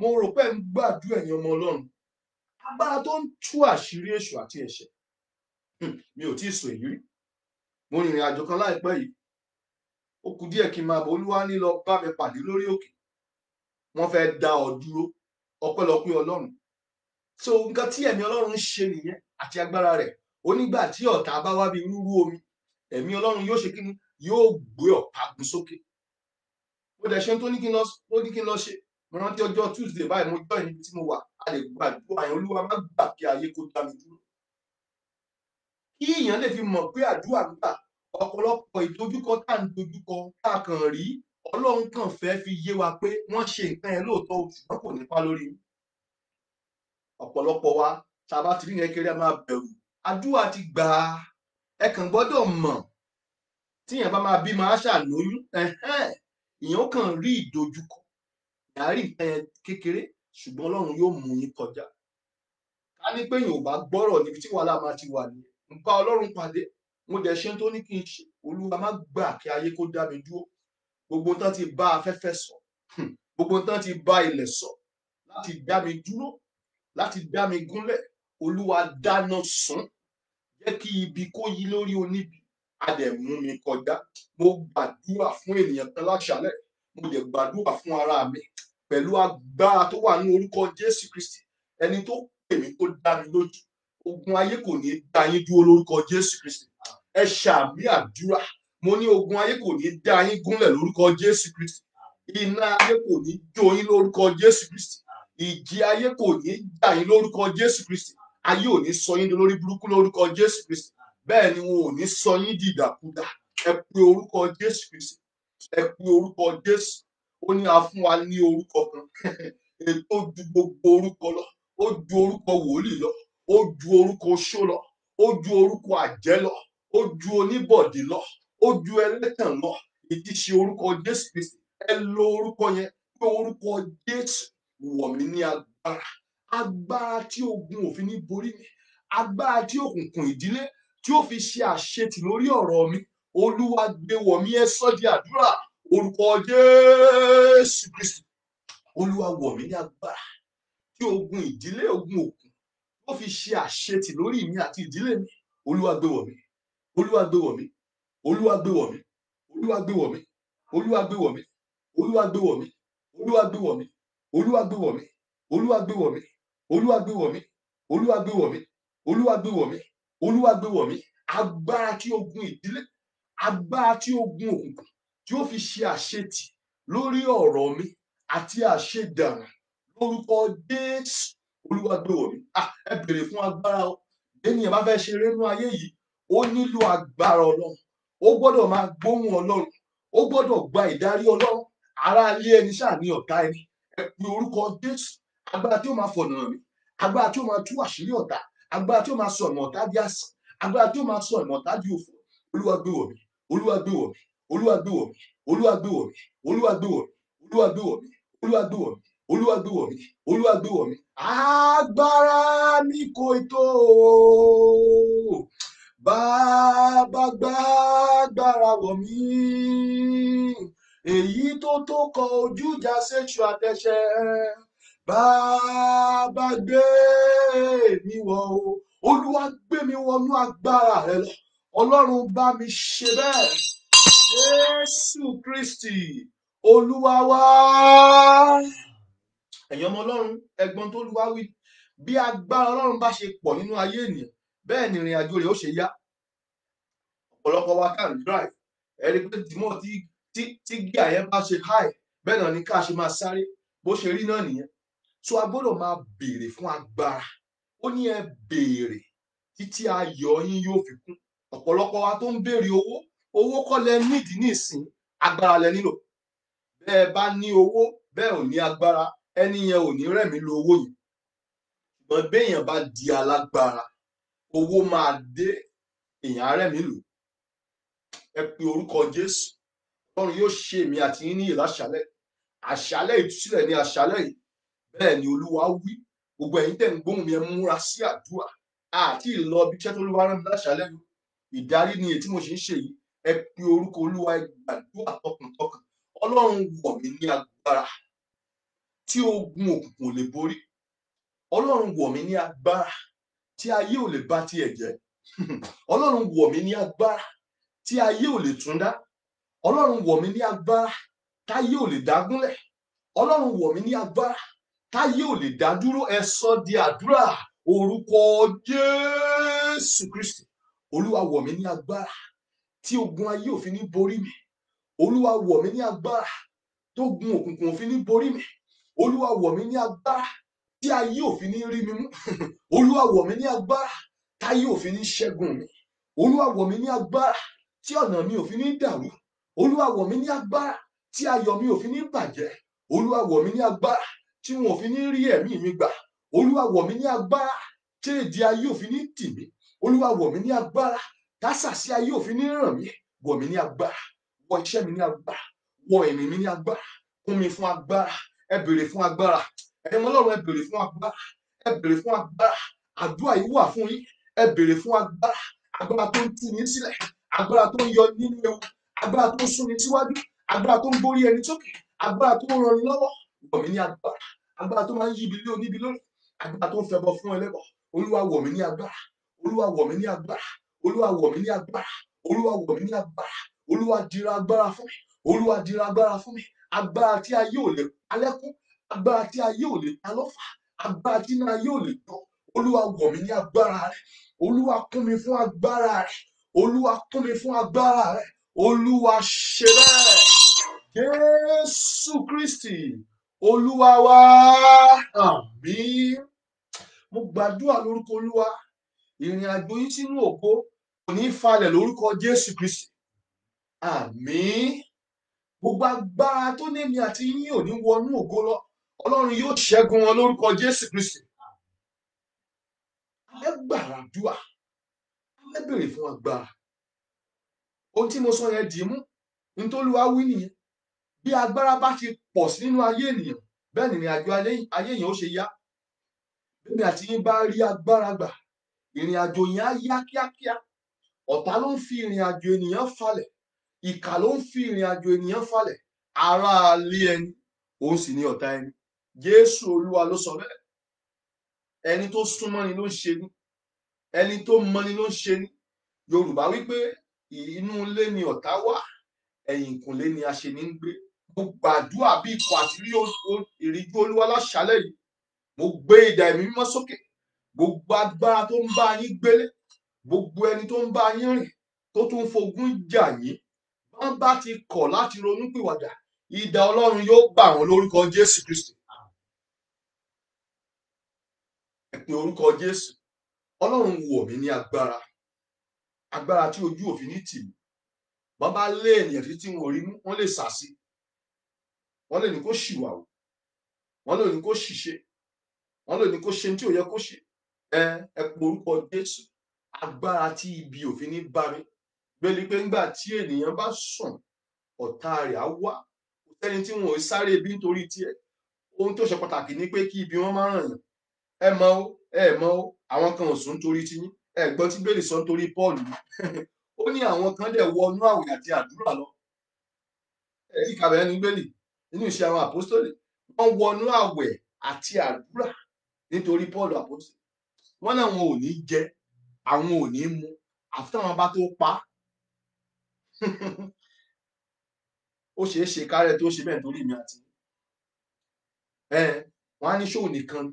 mo rò pé ń gbàdúrà ẹ̀yin ọmọ ọlọ́run agbára tó ń tú àṣírí èṣù àti ẹ̀ṣẹ̀ hmm, mi ò tí ì sọ èyí rí mo rìnrìn àjò kan láìpẹ́ yìí ó kù díẹ̀ kí n máa bọ̀ olúwa ní lọ bá mi pàdé lórí òkè wọ́n fẹ́ dá ọ dúró ọpẹ́lọpẹ́ ọlọ́run so nǹkan tí ẹ̀mí ọlọ́run ń ṣe nìyẹn àti agbára rẹ̀ onígbà tí ọ̀tá bá wá bí rúrú omi ẹ̀mí ọlọ́run yóò ṣe kíni yóò gbé ọ̀pá gun sókè mo dẹ̀ ṣe tó ní kí n lọ tó ní kí n lọ ṣe mo rántí ọjọ́ Tuesday báyìí mo jọ ìní tí mo wà a lè gbàdúrà yẹn olúwa má gbà kí ayé kó dá mi dúró kí èèyàn lè fi mọ̀ pé àdúrà gbà ọ̀pọ̀lọpọ̀ ìdojúkọ tá à ń dojúkọ tá a kàn rí ọlọ́run kàn fẹ́ fi yé wa pé wọ́n ṣe nǹkan yẹn lóòótọ́ ṣùgbọ́n kò nípa lórí ọ̀pọ̀lọpọ̀ wa tá a bá ti rí yẹn kéré a máa bẹ̀rù àdúrà ti gbà á ẹ kàn gbọ́dọ̀ mọ̀ tíyẹn bá máa bí máa ṣàlóyún èèyàn kàn rí ìdojúkọ yàrá ìtàn kékeré ṣùgbọ́n Ọlọ́run yóò mú yín kọjá ká ní pé èèyàn ò bá gbọ́rọ̀ níbi tí wàhálà máa ti wà nìyẹn ń bá Ọlọ́run pàdé mo dẹ̀ ṣe tó ní kí n ṣe Olúwa má gbà kí ayé kó dá mi dúró gbogbo tán ti bá afẹ́fẹ́ sọ hmm, gbogbo tán ti bá ilẹ̀ sọ láti dá mi dúró láti dá mi gúnlẹ̀ Olúwa dáná sun jẹ́ kí ibi kó yí lórí oníbi a dẹ̀ mi kọjá mo gbàdúrà fún ènìyàn kan láṣálẹ̀ mo dẹ̀ gbàdúrà fún ara mi pẹ̀lú agbára tó wà ní orúkọ Jésù Kristi ẹni tó pè mí tó dá mi lójú ogun ayé kò ní dá yín dúró lórúkọ Jésù Kristi ẹ ṣàmì àdúrà mo ní ogun ayé kò ní dá yín gúnlẹ̀ lórúkọ Jésù Kristi iná ayé kò ní jó yín lórúkọ Jésù Kristi ìjì ayé kò ní jà yín lórúkọ Jésù Kristi ayé ò ní sọ yín lórí burúkú lórúkọ Jésù Kristi bẹ́ẹ̀ ni wọn ò ní sọ yín di ìdàkudà ẹ pe orúkọ jésù kristi ẹ pe orúkọ jésù ó ní a fún wa ní orúkọ kan ètò ju gbogbo orúkọ lọ ó ju orúkọ wòlíì lọ ó ju orúkọ oṣó lọ ó ju orúkọ àjẹ́ lọ ó ju oníbọ̀dì lọ ó ju ẹlẹ́tàn lọ èyí ṣe orúkọ jésù kristi ẹ lo orúkọ yẹn pé orúkọ jésù wọ̀ mí ní agbára agbára tí ogun òfin ní borí mi agbára tí òkùnkùn ìdílé tí ó fi ṣe àṣetì lórí ọ̀rọ̀ mi olúwa gbé wọ̀ mí ẹ sọ́ di àdúrà orúkọ jésù kristu olúwa wọ̀ mí ní agbára tí ogun ìdílé ogun òkun ó fi ṣe àṣetì lórí mi àti ìdílé mi olúwa gbé wọ̀ mí olúwa gbé wọ̀ mí olúwa gbé wọ̀ mí olúwa gbé wọ̀ mí olúwa gbé wọ̀ mí olúwa gbé wọ̀ mí olúwa gbé wọ̀ mí olúwa gbé wọ̀ mí olúwa gbé wọ̀ mí olúwa gbé wọ̀ mí olúwa gbé wọ̀ mí olúwa gbé wọ̀ mí olúwàgbéwọ̀mí agbára tí ogun ìdílé agbára tí ogun òkùnkùn tí ó fi ṣe àṣetì lórí ọ̀rọ̀ mi àti àṣedànù lórúkọ jésù olúwàgbéwọ̀mí ẹ bèrè fún agbára o ènìyàn bá fẹ́ ṣe rénú ayé yìí ó nílò agbára ọlọ́run ó gbọ́dọ̀ máa gbóhùn ọlọ́run ó gbọ́dọ̀ gba ìdarí ọlọ́run ará ilé ẹni ṣáà ní ẹni ẹ pe orúkọ jésù agbára tí ó máa fọ̀nà mi agbára tí ó máa tú àṣírí ọ̀tá agbára tí ó máa sọ ìmọ̀ ọ̀tá di àsán agbára tí ó máa sọ ìmọ̀ ọ̀tá di òfò olúwa gbé wọ̀ mí olúwa gbé wọ̀ mí olúwa agbára mi kò tó bàbá gbàgbára wọ̀ mí èyí tó tó kọ ojú ìjà sexual attention bàbá gbé mi wọ̀ o olúwa gbé mi wọnú agbára rẹ lọ ọlọ́run bá mi ṣe bẹ́ẹ̀ jésù kristi olúwa wá ẹ̀yin ọmọ ọlọ́run ẹ̀gbọ́n tó olúwa wí bí agbára ọlọ́run bá ṣe pọ̀ nínú ayé ènìyàn bẹ́ẹ̀ ni ìrìn àjò rẹ̀ ó ṣe yá ọ̀pọ̀lọpọ̀ wa kàn drive ẹ̀rí pé tìmọ̀ tí gíà yẹn bá ṣe high bẹ́ẹ̀ náà ni ká ṣe máa sáré bó ṣe rí náà nìyẹn so a gbọ́dọ̀ máa béèrè fún agbára ó ní ẹ béèrè títí ayọ̀ yín yóò fi kún ọ̀pọ̀lọpọ̀ wa tó ń béèrè owó owó kọ́ lẹ nídìí nísìn agbára lẹ nílò bẹ́ẹ̀ bá ní owó bẹ́ẹ̀ ò ní agbára ẹni yẹn ò ní rẹ̀mí lo owó yìí ṣùgbọ́n béèyàn bá di alágbára owó máa dé èèyàn rẹ̀mí lò ẹ pe orúkọ Jésù Ọlọ́run yóò ṣe èmi àti yín ní ìlàṣálẹ̀ àṣálẹ̀ ìtúsílẹ̀ ní àṣálẹ̀ yìí bẹ́ẹ̀ ni olúwa wí gbogbo ẹ̀yin tẹ̀ ń gbóhùn mi ẹ múra sí àdúrà àti ìlọ ibi iṣẹ́ tó ló wá mi láṣálẹ́ nu ìdarí ni èyí tí mo ṣe ń ṣe yìí ẹ pe orúkọ olúwa ẹ gbàdúrà tọkàntọkàn ọlọ́run wọ̀ mí ní agbára tí ogun òkùnkùn ò lè borí ọlọ́run wọ̀ mí ní agbára tí ayé ò lè bá tiẹ̀ jẹ́ ọlọ́run wọ̀ mí ní agbára tí ayé ò lè tún dá ọlọ́run wọ̀ mí ní agbára táyé ò lè dágúnlẹ̀ ọlọ́run wọ̀ mí ní agbára táyé ò lè dá dúró ẹ sọ di àdúrà orúkọ jésù kristi olúwa wọ̀ mí ní agbára tí ogun ayé òfin ní borí mi olúwa wọ̀ mí ní agbára tó gun òkùnkùn òfin ní borí mi olúwa wọ̀ mí ní agbára tí ayé òfin ní rí mi mú olúwa wọ̀ mí ní agbára táyé òfin ní ṣẹ́gun mi olúwa wọ̀ mí ní agbára tí ọ̀nà mi òfin ní dàrú olúwa wọ̀ mí ní agbára tí ayọ̀ mi òfin ní bàjẹ́ olúwa wọ̀ mí ní agbára tí wọn ò fi ní rí ẹ̀mí mi gbà olúwa wọ̀ mí ní agbára tí èdè ayé ò fi ní tì mí olúwa wọ̀ mí ní agbára tásàsí ayé ò fi ní ràn mí wọ̀ mí ní agbára wọ iṣẹ́ mi ní agbára wọ ìrìn mi ní agbára kún mi fún agbára ẹ béèrè fún agbára ẹ̀yin ọlọ́run ẹ béèrè fún agbára ẹ béèrè fún agbára àdúrà yìí wà fún yín ẹ béèrè fún agbára agbára tó ń tú yín sílẹ̀ agbára tó ń yọ nínú ewu agbára tó ń sún ni síwájú agbára tó ń borí ẹni tókè agbára tó ń ranni lọ́wọ́ wọ̀ mí ní agbára agbára tó máa ń yíbi lé oníbi lórí agbára tó ń fẹbọ fún ẹlẹ́bọ olúwa wọ̀ mí ní agbára olúwa wọ̀ mí ní agbára olúwa wọ̀ mí ní agbára olúwa wọ̀ mí ní agbára olúwa dira agbára fún mi olúwa dira agbára fún mi agbára tí ayé ò lè alẹ́kún agbára tí ayé ò lè ta lọ́fà agbára tí náà ayé ò lè tọ́ olúwa wọ̀ mí ní agbára rẹ olúwa kún mi fún agbára rẹ olúwa kún mi fún agbára rẹ olúwa ṣe bẹ́ẹ̀ jésù kristi olúwa wá àmín mo gbàdúrà lórúkọ olúwa ìrìn àjò yín sínú ògo kò ní falẹ̀ lórúkọ jésù kristi àmín gbogbo agbára tó nẹmí àti yín ò ní wọnú ògo lọ ọlọ́run yóò ṣẹ́gun wọn lórúkọ jésù kristi ẹ gbàdúrà ẹ béèrè fún agbára ohun tí mo sọ yẹn dì í mú ní tó lu awí nìyẹn bí agbára bá ti pọ̀ sí nínú ayé ènìyàn bẹ́ẹ̀ ni, àjò ayé èèyàn ó ṣe yá bẹ́ẹ̀ àti yín bá rí agbára gbà ìrìn àjò yẹn á yá kíákíá ọ̀tá ló ń fi ìrìn àjò ènìyàn falẹ̀ ìkà ló ń fi ìrìn àjò ènìyàn falẹ̀ ará alé ẹni òun sì ni ọ̀tá ẹni Jésù Olúwa ló sọ bẹ́ẹ̀ ẹni tó súnmọ́ ni ló ń ṣe ni ẹni tó mọ ni ló ń ṣe ni Yorùbá wípé inú ilé ni ọ̀tá wà ẹ̀yìnkùlé ni a ṣe ní gbé mo gbàdúrà bí ikọ̀ àti rí ìrìjú olúwa láṣálẹ̀ yìí mo gbé ìdà ẹ̀mí mímọ́ sókè gbogbo agbára tó ń bá yín gbélé gbogbo ẹni tó ń bá yín rìn tó tún fogún jà yín wọ́n bá ti kọ̀ láti ronúpìwàdà ìdà ọlọ́run yóò bà wọ́n lórúkọ jésù kristi ẹ̀pin orúkọ jésù ọlọ́run wò mí ní agbára agbára tí ojú òfin ní tì mí bọ́n bá lé ènìyàn títí wọn rí mú wọ́n lè sà wọ́n lè ní kó ṣìwà o wọ́n lè ní kó ṣìṣe wọ́n lè ní kó ṣe tí ò yẹ kó ṣe ẹ ẹ porúkọ Jésù agbára tí ibi òfin ní bá mi gbẹlí pé ńgbà tí ènìyàn bá sùn ọ̀tá rẹ̀ á wá kò sẹ́ni tí wọn ò sáré ibi nítorí tiẹ̀ ohun tó ṣe pàtàkì ni pé kí ibi wọn máa ràn yàn ẹ mọ ó ẹ mọ ó àwọn kan ò sùn nítorí tiyín ẹ gbọ́ tí bẹ́ẹ̀lì sọ nítorí Pọ́ọ̀lù ó ní àwọn kan dẹ̀ wọnú àwẹ̀ àti àdúrà lọ ẹ kíkà bẹ́ẹ̀ ni bẹ́ẹ̀lì nínú iṣẹ́ àwọn àpọ́sítọ́lì wọ́n wọnú àwẹ̀ àti àdúrà nítorí Paul àpọ́sítọ́lì wọ́n náà wọn ò ní jẹ àwọn ò ní mu àfi táwọn bá tó pa ó ṣeé ṣe kárẹ̀ tó ṣe bẹ́ẹ̀ nítorí mi àti wọ́n á ní ṣòwò nìkan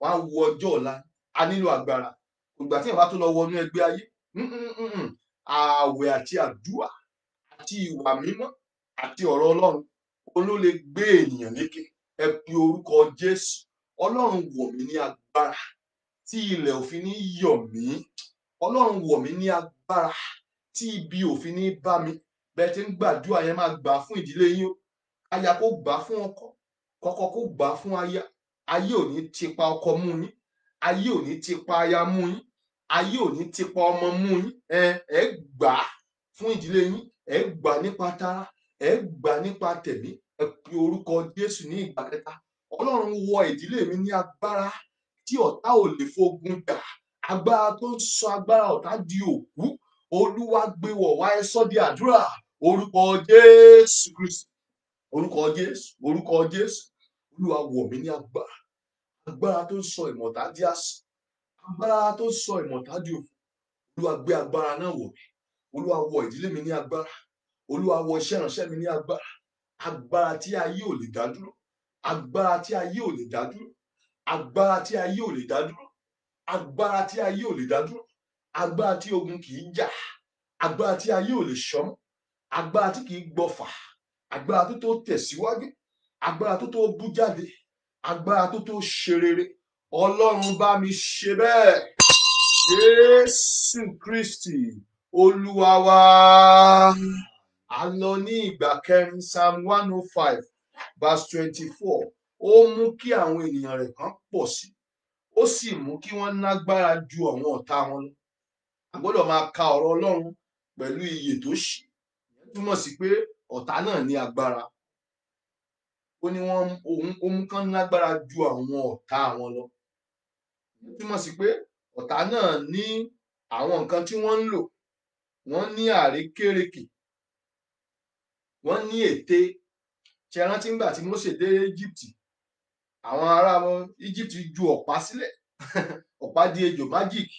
wọ́n á wo ọjọ́ ọ̀la a nílò agbára ìgbà tí ìwà tó lọ wọnú ẹgbẹ́ ayé ààwẹ̀ àti àdúrà àti ìwà mímọ́ àti ọ̀rọ̀ Ọlọ́run ló lè gbé ènìyàn lékè ẹ pe orúkọ jésù ọlọ́run wọ̀ mí ní agbára tí ilẹ̀ òfin ní yọ̀ mí ọlọ́run wọ̀ mí ní agbára tí ibi òfin ní bá mi bẹ́ẹ̀ tí ń gbàdúrà yẹn máa gbà fún ìdílé yín o aya kó gbà fún ọkọ kọkọ kó gbà fún aya ayé ò ní tipa ọkọ mú yín ayé ò ní tipa aya mú yín ayé ò ní tipa ọmọ mú yín ẹ ẹ gbà fún ìdílé yín ẹ gbà nípa tara ẹ gbà nípa tẹ̀mí ẹ pe orúkọ Jésù ní ìgbà kẹta Ọlọ́run wọ ìdílé mi ní agbára tí ọ̀tá ò lè fogun jà agbára tó ń sọ agbára ọ̀tá di òkú Olúwa gbé wọ̀ wá ẹ sọ di àdúrà orúkọ Jésù Kristi orúkọ Jésù orúkọ Jésù Olúwa wọ̀ mí ní agbára agbára tó ń sọ ìmọ̀tá di àṣà agbára tó ń sọ ìmọ̀tá di òkú Olúwa gbé agbára náà wọ̀ mí Olúwa wọ ìdílé mi ní agbára Olúwa wọ iṣẹ́ ìránṣẹ́ mi ní agbára agbára tí ayé ò lè dá dúró agbára tí ayé ò lè dá dúró agbára tí ayé ò lè dá dúró agbára tí ayé ò lè dá dúró agbára tí ogun kì í jà agbára tí ayé ò lè ṣọmú agbára tí kì í gbọfà agbára tó tó tẹ̀síwájú agbára tó tó bú jáde agbára tó tó ṣe ọlọ́run bá mi ṣe bẹ́ẹ̀ jésù kristi olúwa wa a lọ ní ìgbà kẹrin psalm one oh five verse twenty four ó mú kí àwọn ènìyàn rẹ̀ kan pọ̀ sí ó sì mú kí wọ́n lágbára ju àwọn ọ̀tá wọn lọ a gbọ́dọ̀ máa ka ọ̀rọ̀ Ọlọ́run pẹ̀lú iyè tó ṣì ìyẹn túmọ̀ sí pé ọ̀tá náà ní agbára ó ní wọ́n òun òun kan lágbára ju àwọn ọ̀tá wọn lọ ìyẹn sí pé ọ̀tá náà ní àwọn nǹkan tí wọ́n ń lò wọ́n ní àrékérekè wọ́n ní ète ṣe rántí ńgbà tí Mósè dé Egypt àwọn ará wọn Egypt ju ọ̀pá sílẹ̀ ọ̀pá di ejò magic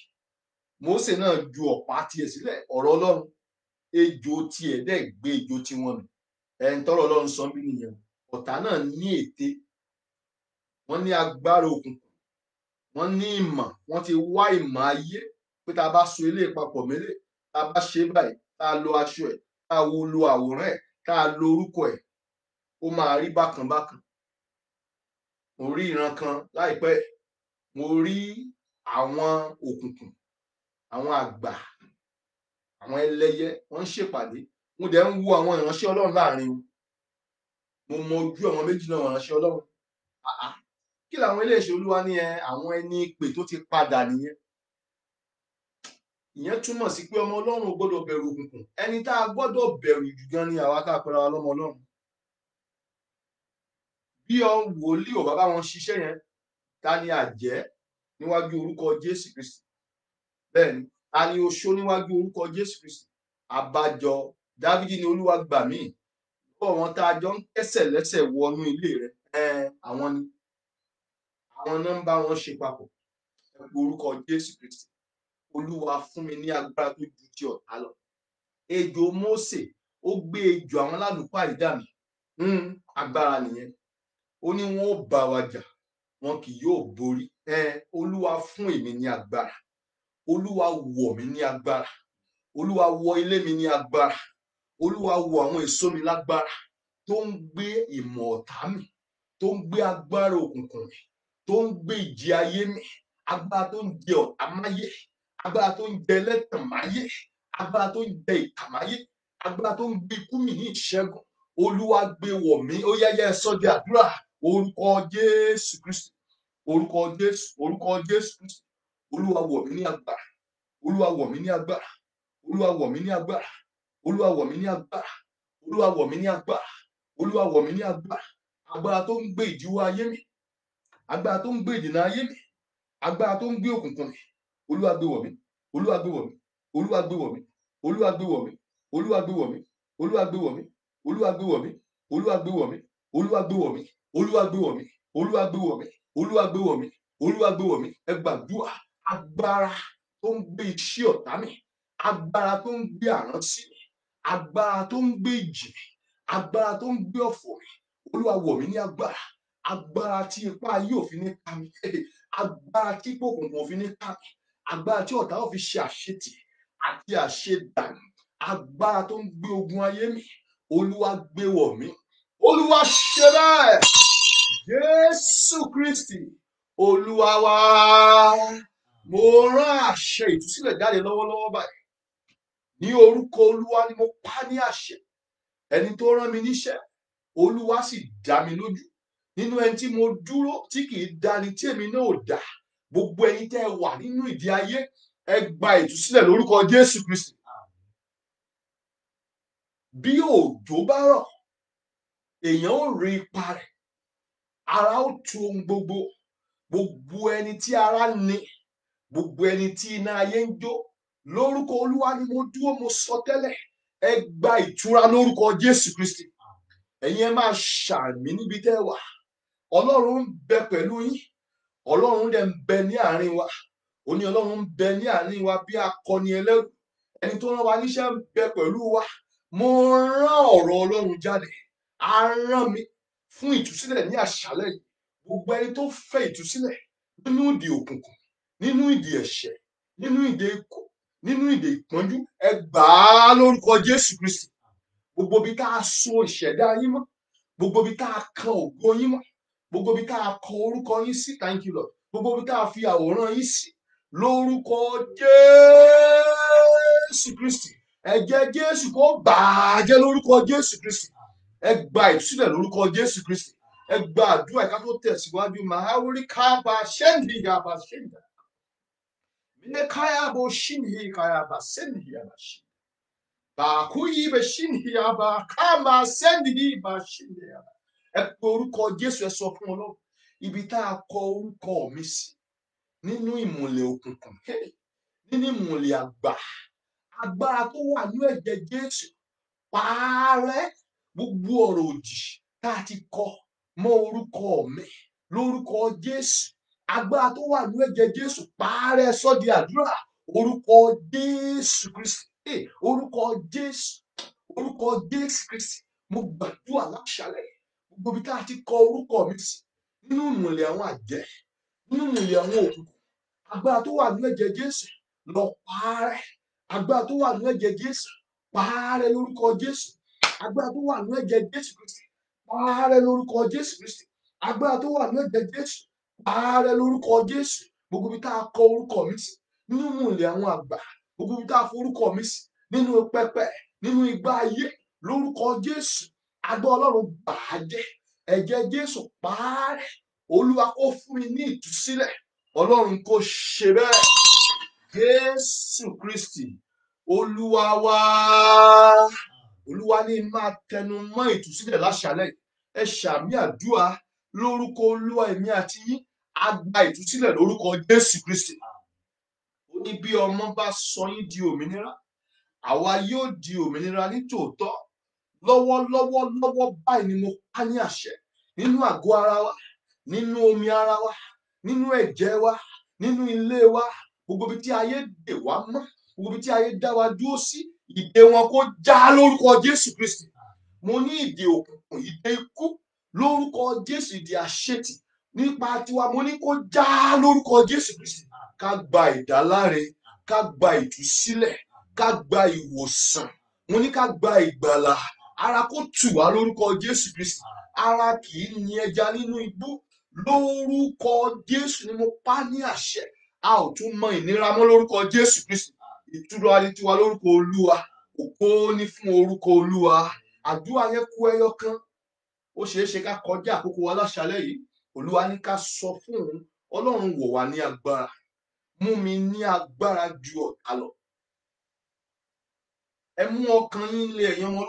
Mósè náà ju ọ̀pá tiẹ̀ sílẹ̀ ọ̀rọ̀ Ọlọ́run ejò tiẹ̀ dẹ̀ gbé ejò tiwọn mì ẹ̀ ń tọ́rọ̀ Ọlọ́run sọ bí nìyẹn ọ̀tá náà ní ète wọ́n ní agbára òkùnkùn wọ́n ní ìmọ̀ wọ́n ti wá ìmọ̀ ayé pé tá a bá so ilé papọ̀ mélé tá a bá ṣe báyìí tá a lo aṣọ ẹ̀ tá a wo lo àwòrán ẹ̀ tá a lo orúkọ ẹ̀ ó máa rí bákan bákan mo rí ìran kan láìpẹ́ mo rí àwọn òkùnkùn àwọn àgbà àwọn ẹlẹ́yẹ wọ́n ń ṣèpàdé mo dẹ̀ ń wo àwọn ìránṣẹ́ Ọlọ́run láàrin wọn mo mọ ojú àwọn méjì náà ìránṣẹ́ Ọlọ́run kí làwọn iléeṣẹ́ Olúwa ní ẹ àwọn ẹni ìpè tó ti padà nìyẹn ìyẹn túmọ̀ sí pé ọmọ ọlọ́run gbọ́dọ̀ bẹ̀rù òkùnkùn ẹni tá a gbọ́dọ̀ bẹ̀rù jù gan ni àwa tá a pera wa lọ́mọ ọlọ́run bí ọ wòlíì ò bàbá wọn ṣiṣẹ́ yẹn ta ni àjẹ́ níwájú orúkọ jésù kristi bẹ́ẹ̀ ni a ní oṣó níwájú orúkọ jésù kristi àbájọ dáfídì ni olúwa gbà mí bọ́ wọn tá a jọ ń kẹ́sẹ̀ lẹ́sẹ̀ wọnú ilé rẹ àwọn ni àwọn náà ń bá wọn ṣe papọ̀ orúkọ jésù kristi olúwa fún mi ní agbára tó ju ti ọ̀tá lọ ejò Mósè ó gbé ejò àwọn lálùpà ìdá mi hmm, agbára nìyẹn ó ní wọn ó bá wa jà wọn kì yóò borí olúwa fún èmi ní agbára olúwa wọ̀ mí ní agbára olúwa wọ ilé mi ní agbára olúwa wọ àwọn èso mi lágbára tó ń gbé ìmọ̀ ọ̀tá mi tó ń gbé agbára òkùnkùn mi tó ń gbé ìjì ayé mi agbára tó ń jẹ ọ̀tá máyé agbára tó ń jẹ ẹlẹ́tàn máyé agbára tó ń jẹ ìkà máyé agbára tó ń gbé ikú mi ní ìṣẹ́gun olúwa gbé wọ̀ mí ó yẹ́yẹ́ sọ́jà àdúrà orúkọ jésù kristi orúkọ jésù orúkọ jésù kristi olúwa wọ̀ mí ní agbára olúwa wọ̀ mí ní agbára olúwa wọ̀ mí ní agbára olúwa wọ̀ mí ní agbára olúwa wọ̀ mí ní agbára olúwa wọ̀ mí ní agbára agbára tó ń gbé ìdíwọ́ ayé mi agbára tó ń gbé ìdènà ayé mi agbára tó ń gbé òkùnkùn mi olúwàgbéwọ̀mí olúwàgbéwọ̀mí olúwàgbéwọ̀mí olúwàgbéwọ̀mí olúwàgbéwọ̀mí olúwàgbéwọ̀mí olúwàgbéwọ̀mí olúwàgbéwọ̀mí olúwàgbéwọ̀mí olúwàgbéwọ̀mí olúwàgbéwọ̀mí olúwàgbéwọ̀mí olúwàgbéwọ̀mí ẹ gbàdúrà agbára tó ń gbé iṣẹ́ ọ̀tá mi agbára tó ń gbé àrán sí mi agbára tó ń gbé ìjì mi agbára tó ń gbé ọ̀fọ̀ mi olúwa wọ̀ mí ní agbára agbára tí ipá yóò fi ní ká mi agbára tí ìpòkùnkùn òfin ní ká mi agbára tí ọ̀tá ò fi ṣe àṣetì àti àṣedànù agbára tó ń gbé ogun ayé mi olúwa gbé wọ̀ mí olúwa ṣe bẹ́ẹ̀ jésù kristi olúwa wa mo rán àṣẹ ìtúsílẹ̀ jáde lọ́wọ́lọ́wọ́ báyìí ní orúkọ olúwa ni mo pa ní àṣẹ ẹni tó rán mi níṣẹ́ olúwa sì dá mi lójú nínú ẹni tí mo dúró tí kì í dá ni tí èmi náà ò dá gbogbo ẹ̀yin tẹ́ ẹ wà nínú ìdí ayé ẹ gba ìtúsílẹ̀ lórúkọ Jésù Kristi bí òjò bá rọ̀ èèyàn ò rí ipa rẹ̀ ara ó tu ohun gbogbo gbogbo ẹni tí ara ní gbogbo ẹni tí iná ayé ń jó lórúkọ Olúwa ni mo dúró mo sọ tẹ́lẹ̀ ẹ gba ìtura lórúkọ Jésù Kristi ẹ̀yin ẹ máa ṣàmì níbi tẹ́ ẹ wà Ọlọ́run ń bẹ pẹ̀lú yín ọlọ́run dẹ̀ ń bẹ ní àárín wa ó ní ọlọ́run ń bẹ ní àárín wa bí akọni ẹlẹ́rù ẹni tó rán wa níṣẹ́ ń bẹ pẹ̀lú wa mo rán ọ̀rọ̀ ọlọ́run jáde á rán mi fún ìtúsílẹ̀ ní àṣálẹ̀ yìí gbogbo ẹni tó fẹ́ ìtúsílẹ̀ nínú ìdè òkùnkùn nínú ìdè ẹ̀ṣẹ̀ nínú ìdè ikú nínú ìdè ìpọ́njú ẹ gbà á lórúkọ Jésù Kristi gbogbo ibi tá a so ìṣẹ̀dá yín mọ́ gbogbo ibi tá a kan ògo yín mọ́ gbogbo ibi tá a kọ orúkọ yín sí thank you lord gbogbo ibi tá a fi àwòrán yín sí lórúkọ jésù kristi ẹ̀jẹ̀ jésù kó gbàájẹ́ lórúkọ jésù kristi ẹ gba ìtúsílẹ̀ lórúkọ jésù kristi ẹ gba àdúrà ká tó tẹ̀síwájú mahawuri kába ṣẹ́ǹdì yaba ṣẹ́ǹdà ilé káyàbọ̀ ṣìnìyí káyàbà ṣẹ́ǹdì yaba ṣẹ́ǹdà bàkú yìí bẹ ṣìnìyí yaba káàmà ṣẹ́ǹdì yìí bá ṣìnìyí yaba ẹ pe orúkọ jésù ẹ sọ fún ọlọ́run ibi tá a kọ orúkọ mi sí nínú ìmùlẹ̀ òkùnkùn nínú ìmùlẹ̀ àgbà agbára tó wà ní ẹ̀jẹ̀ jésù pààrẹ̀ gbogbo ọ̀rọ̀ òdì tá a ti kọ mọ́ orúkọ mi lórúkọ jésù agbára tó wà ní ẹ̀jẹ̀ jésù pààrẹ̀ sọ́dí àdúrà orúkọ jésù kristi orúkọ jésù orúkọ jésù kristi mo gbàdúrà láṣálẹ́ gbogbo ibi tá a ti kọ orúkọ mi sí nínú ìmùlẹ̀ àwọn àjẹ́ nínú ìmùlẹ̀ àwọn òkùnkùn agbára tó wà nínú ẹ̀jẹ̀ Jésù lọ parẹ́ agbára tó wà nínú ẹ̀jẹ̀ Jésù parẹ́ lórúkọ Jésù agbára tó wà nínú ẹ̀jẹ̀ Jésù Kristi parẹ́ lórúkọ Jésù Kristi agbára tó wà nínú ẹ̀jẹ̀ Jésù parẹ́ lórúkọ Jésù gbogbo ibi tá a kọ orúkọ mi sí nínú ìmùlẹ̀ àwọn àgbà gbogbo ibi tá forúkọ mi sí nínú pẹpẹ nínú igbá ayé lórúkọ Jésù agbọ́ ọlọ́run bà á jẹ́ ẹ̀jẹ̀ jésù pààrẹ̀ olúwa kó fún mi ní ìtúsílẹ̀ ọlọ́run kó ṣe bẹ́ẹ̀ jésù kristi olúwa wá olúwa ní máa tẹnu mọ́ ìtúsílẹ̀ láṣálẹ̀ ẹ ṣàmì àdúrà lórúkọ olúwa èmi àti yín a gba ìtúsílẹ̀ lórúkọ jésù kristi ó ní bí ọmọ bá sọ yín di òmìnira àwa yóò di òmìnira ní tòótọ́ lọ́wọ́lọ́wọ́ lọ́wọ́ báyìí ni mo pa ní àṣẹ nínú àgọ́ ara wa nínú omi ara wa nínú ẹ̀jẹ̀ wa nínú ilé wa gbogbo ibi tí ayé dè wá mọ́ gbogbo ibi tí ayé dá wa dúró sí ìdè wọn kó já lórúkọ Jésù Kristi mo ní ìdè òkùnkùn ìdè ikú lórúkọ Jésù ìdè àṣetì nípa tiwa mo ní kó já lórúkọ Jésù Kristi ká gba ìdáláre ká gba ìtúsílẹ̀ ká gba ìwòsàn mo ní ká gba ìgbàlà ara kó tù wá lórúkọ Jésù Kristi ara kì í ní ẹja nínú igbó lórúkọ Jésù ni mo pa ní àṣẹ a ò tún mọ ìnira mọ́ lórúkọ Jésù Kristi ìtura ni tiwa lórúkọ Olúwa ògo ni fún orúkọ Olúwa àdúrà yẹn kú ẹyọ kan ó ṣeé ṣe ká kọjá àkókò wa láṣálẹ́ yìí Olúwa ní ká sọ fún òun Ọlọ́run wọ̀ wá ní agbára mú mi ní agbára ju ọ̀tá lọ ẹ mú ọkàn yín lé ẹ̀yin ọmọ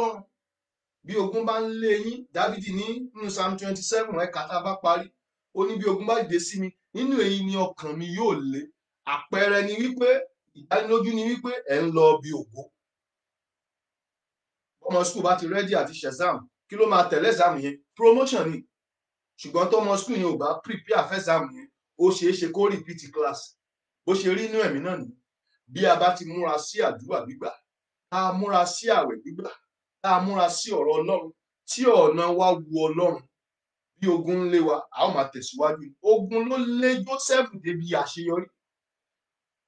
bí ogun bá ń lé yín dávidi ní nínú psalm twenty seven ẹ̀ka tá a bá parí ó ní bí ogun bá dé sí mi nínú èyí ni ọkàn mi yóò lé àpẹẹrẹ ni wípé ìdánilójú ni wípé ẹ̀ ń lọ bí ògo ọmọ skul bá ti rẹ́dí àti ṣẹ̀sám kí ló máa tẹ̀lé exam yẹn promotion ni ṣùgbọ́n tọmọ skul yẹn ò bá prepare for yẹn ó ṣeé ṣe kó repeat class bó ṣe rí inú ẹ̀mí náà nìyí bí a bá ti múra sí àdúrà gbígbà tá a múra sí àwẹ̀ gbígbà tá a múra sí ọ̀rọ̀ ọlọ́run tí ọ̀nà wa wu ọlọ́run bí ogun ń lé wa a ó máa tẹ̀síwájú ogun ló lé Joseph débi àṣeyọrí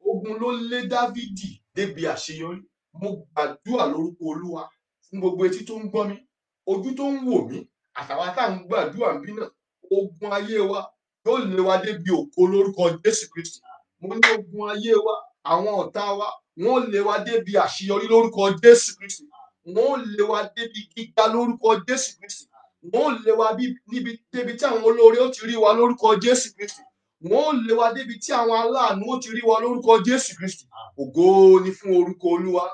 ogun ló lé Dávidi débi àṣeyọrí mo gbàdúrà lórúkọ olúwa fún gbogbo etí tó ń gbọ́ mi ojú tó ń wò mí àtàwọn tá à ń gbàdúrà bí náà ogun ayé wa yóò lé wa débi òkó lórúkọ Jésù Kristi mo ní ogun ayé wa àwọn ọ̀tá wa wọ́n lé wa débi àṣeyọrí lórúkọ Jésù Kristi wọn ò lé wa débi gíga lórúkọ jésù kristi wọn ò lé wa níbi débi tí àwọn olóore ó ti rí wa lórúkọ jésù kristi wọn ò lé wa débi tí àwọn aláàánú ó ti rí wa lórúkọ jésù kristi ògo ni fún orúkọ olúwa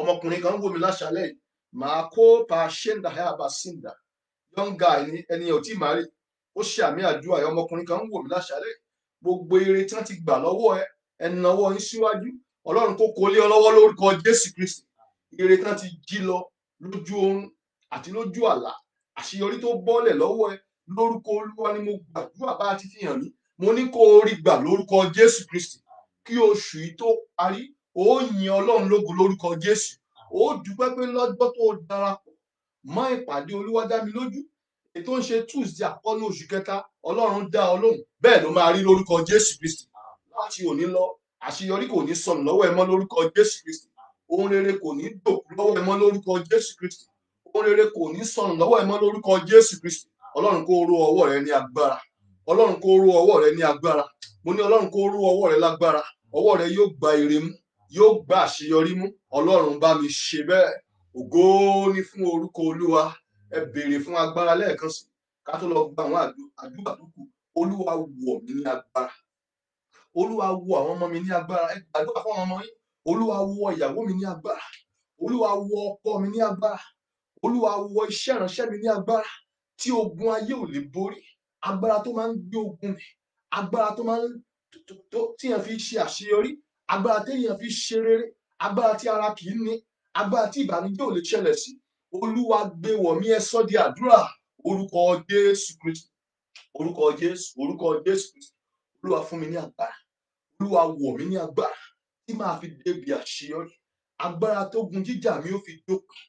ọmọkùnrin kan wò mí láṣálẹ́ yìí màá kó pa ṣéǹdà ẹ àbá ṣéǹdà ni ẹni ò tí ì máa rí ó ṣe àmì àdúrà ẹ ọmọkùnrin kan wò mí láṣálẹ́ gbogbo ire tí wọn ti gbà lọ́wọ́ ẹ ẹnáwó yín síwájú Ọlọ́run kó kó lé lórúkọ jésù kristi ire tán ti jí lọ lójú oorun àti lójú àlá àṣeyọrí tó bọ́lẹ̀ lọ́wọ́ ẹ lórúkọ olúwa ni mo gbàdúrà bá a ti fi hàn mí mo ní kó o rí gbà lórúkọ jésù kristi kí oṣù yìí tó parí ó yin ọlọ́run lógo lórúkọ jésù ó dúpẹ́ pé lọ́jọ́ tó darapọ̀ mọ́ ìpàdé olúwa dá mi lójú ètò ń ṣe tuesday àkọ́nú oṣù kẹta ọlọ́run dá ọ lóhùn bẹ́ẹ̀ ló máa rí lórúkọ jésù kristi láti òní lọ àṣeyọrí kò ní sọnù lọ́wọ́ ẹ mọ́ lórúkọ jésù kristi ohun rere kò ní dòkú lọ́wọ́ ẹ mọ́ lórúkọ Jésù Kristi ohun rere kò ní sọnù lọ́wọ́ ẹ mọ́ lórúkọ Jésù Kristi Ọlọ́run kó ró ọwọ́ rẹ ní agbára Ọlọ́run kó ró ọwọ́ rẹ ní agbára mo ní Ọlọ́run kó ró ọwọ́ rẹ lágbára ọwọ́ rẹ yóò gba ire mú yóò gba àṣeyọrí mú Ọlọ́run bá mi ṣe bẹ́ẹ̀ ògo ni fún orúkọ Olúwa ẹ béèrè fún agbára lẹ́ẹ̀kan sí ká tó lọ gba àwọn àdúrà tó kù Olúwa wọ̀ mí ní agbára Olúwa wọ̀ àwọn ọmọ mi ní agbára ẹ gbàdúrà fún àwọn ọmọ yín olúwa wọ ìyàwó mi ní agbára olúwa wọ ọkọ mi ní agbára olúwa wọ iṣẹ́ ìránṣẹ́ mi ní agbára tí ogun ayé ò lè borí agbára tó máa ń gbé ogun mi agbára tó máa ń tó tíyàn fi ṣe àṣeyọrí agbára téèyàn fi ṣe rere agbára tí ara kì í ní agbára tí ìbànújẹ́ ò lè ṣẹlẹ̀ sí olúwa gbé wọ̀mí ẹ sọ́ di àdúrà orúkọ jésù kristu orúkọ jésù orúkọ jésù kristu olúwa fún mi ní agbára olúwa wọ̀ mí ní agbára tí màá fi débi àṣeyọrí agbára tó gun jíjà mi ó fi dópin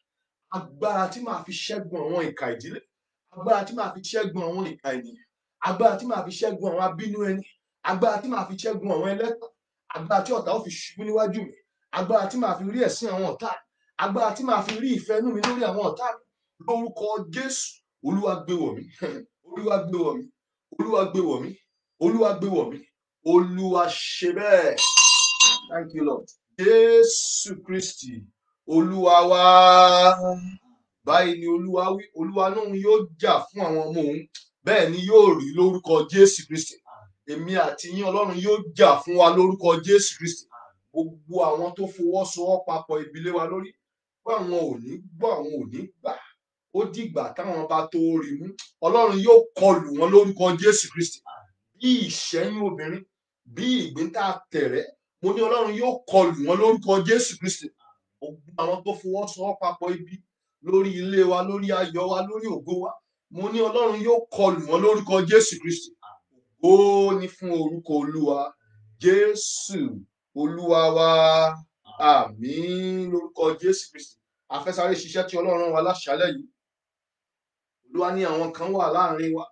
agbára tí màá fi ṣẹ́gun àwọn ìka ìdílé agbára tí màá fi ṣẹ́gun àwọn ìka ènìyàn agbára tí màá fi ṣẹ́gun àwọn abínú ẹni agbára tí màá fi ṣẹ́gun àwọn ẹlẹ́tàn agbára tí ọ̀tá ó fi ṣubú níwájú mi agbára tí màá fi rí ẹ̀sìn àwọn ọ̀tá mi agbára tí màá fi rí ìfẹ́ inú mi lórí àwọn ọ̀tá mi lórúkọ Jésù olúwa gbé wọ̀ mí olúwa gbé wọ̀ mí olúwa gbé wọ̀ mí olúwa gbé wọ̀ mí olúwa ṣe bẹ́ẹ̀. Thank you, Lord. Jésù Kristì, Olúwa wá. Báyìí ni Olúwa wí, Olúwa náà yóò jà fún àwọn ọmọ òun. Bẹ́ẹ̀ ni yóò rí lórúkọ Jésù Kristì. Èmi àti yín Ọlọ́run yóò jà fún wa lórúkọ Jésù Kristì. Gbogbo àwọn tó fọwọ́sowọ́papọ̀ ìbílẹ̀ wa lórí. Pé àwọn ò ní gbọ́, àwọn ò ní gbà ó dìgbà táwọn bá tó rí mú ọlọ́run yóò kọlù wọn lórúkọ jésù kristi bí ìṣẹ́yún obìnrin bí ìgbín tá a tẹ̀rẹ́ mo ní ọlọ́run yóò kọlù wọn lórúkọ jésù kristi ogun àwọn tó fọwọ́sowọ́ papọ̀ ibi lórí ilé wa lórí ayọ̀ wa lórí ògo wa mo ní ọlọ́run yóò kọlù wọn lórúkọ jésù kristi ó ní fún orúkọ olúwa jésù olúwa wa àmín lórúkọ jésù kristi afẹ́sáré ṣiṣẹ́ tí ọlọ́run wa láṣálẹ̀ yìí olúwa ní àwọn kan wà láàrin wa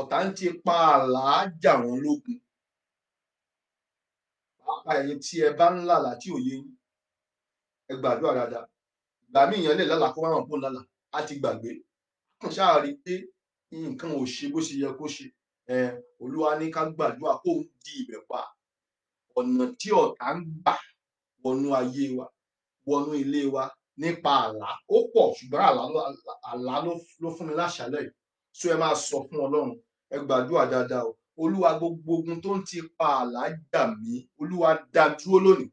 ọ̀tá ń ti pa àlàájà wọn lógun ẹ̀yin tí ẹ bá ń lálà tí ò yé yín ẹ gbàdúrà dáadáa ìgbà míì yẹn lè lálà kó má ràn fún lálà á ti gbàgbé kàn ṣáà rí i pé nǹkan ò ṣe bó ṣe yẹ kó ṣe olúwa ní ká gbàdúrà kó ń di ibẹ̀ pa ọ̀nà tí ọ̀tá ń gbà wọnú ayé wa wọnú ilé wa nípa àlá ó pọ̀ ṣùgbọ́n àlá ló fún mi láṣálẹ̀ yìí so ẹ máa sọ fún ọlọ́run ẹ gbàdúrà dáadáa o olúwa gbogbo ogun tó ń ti pa àlá jà mí olúwa dá dúró lónìí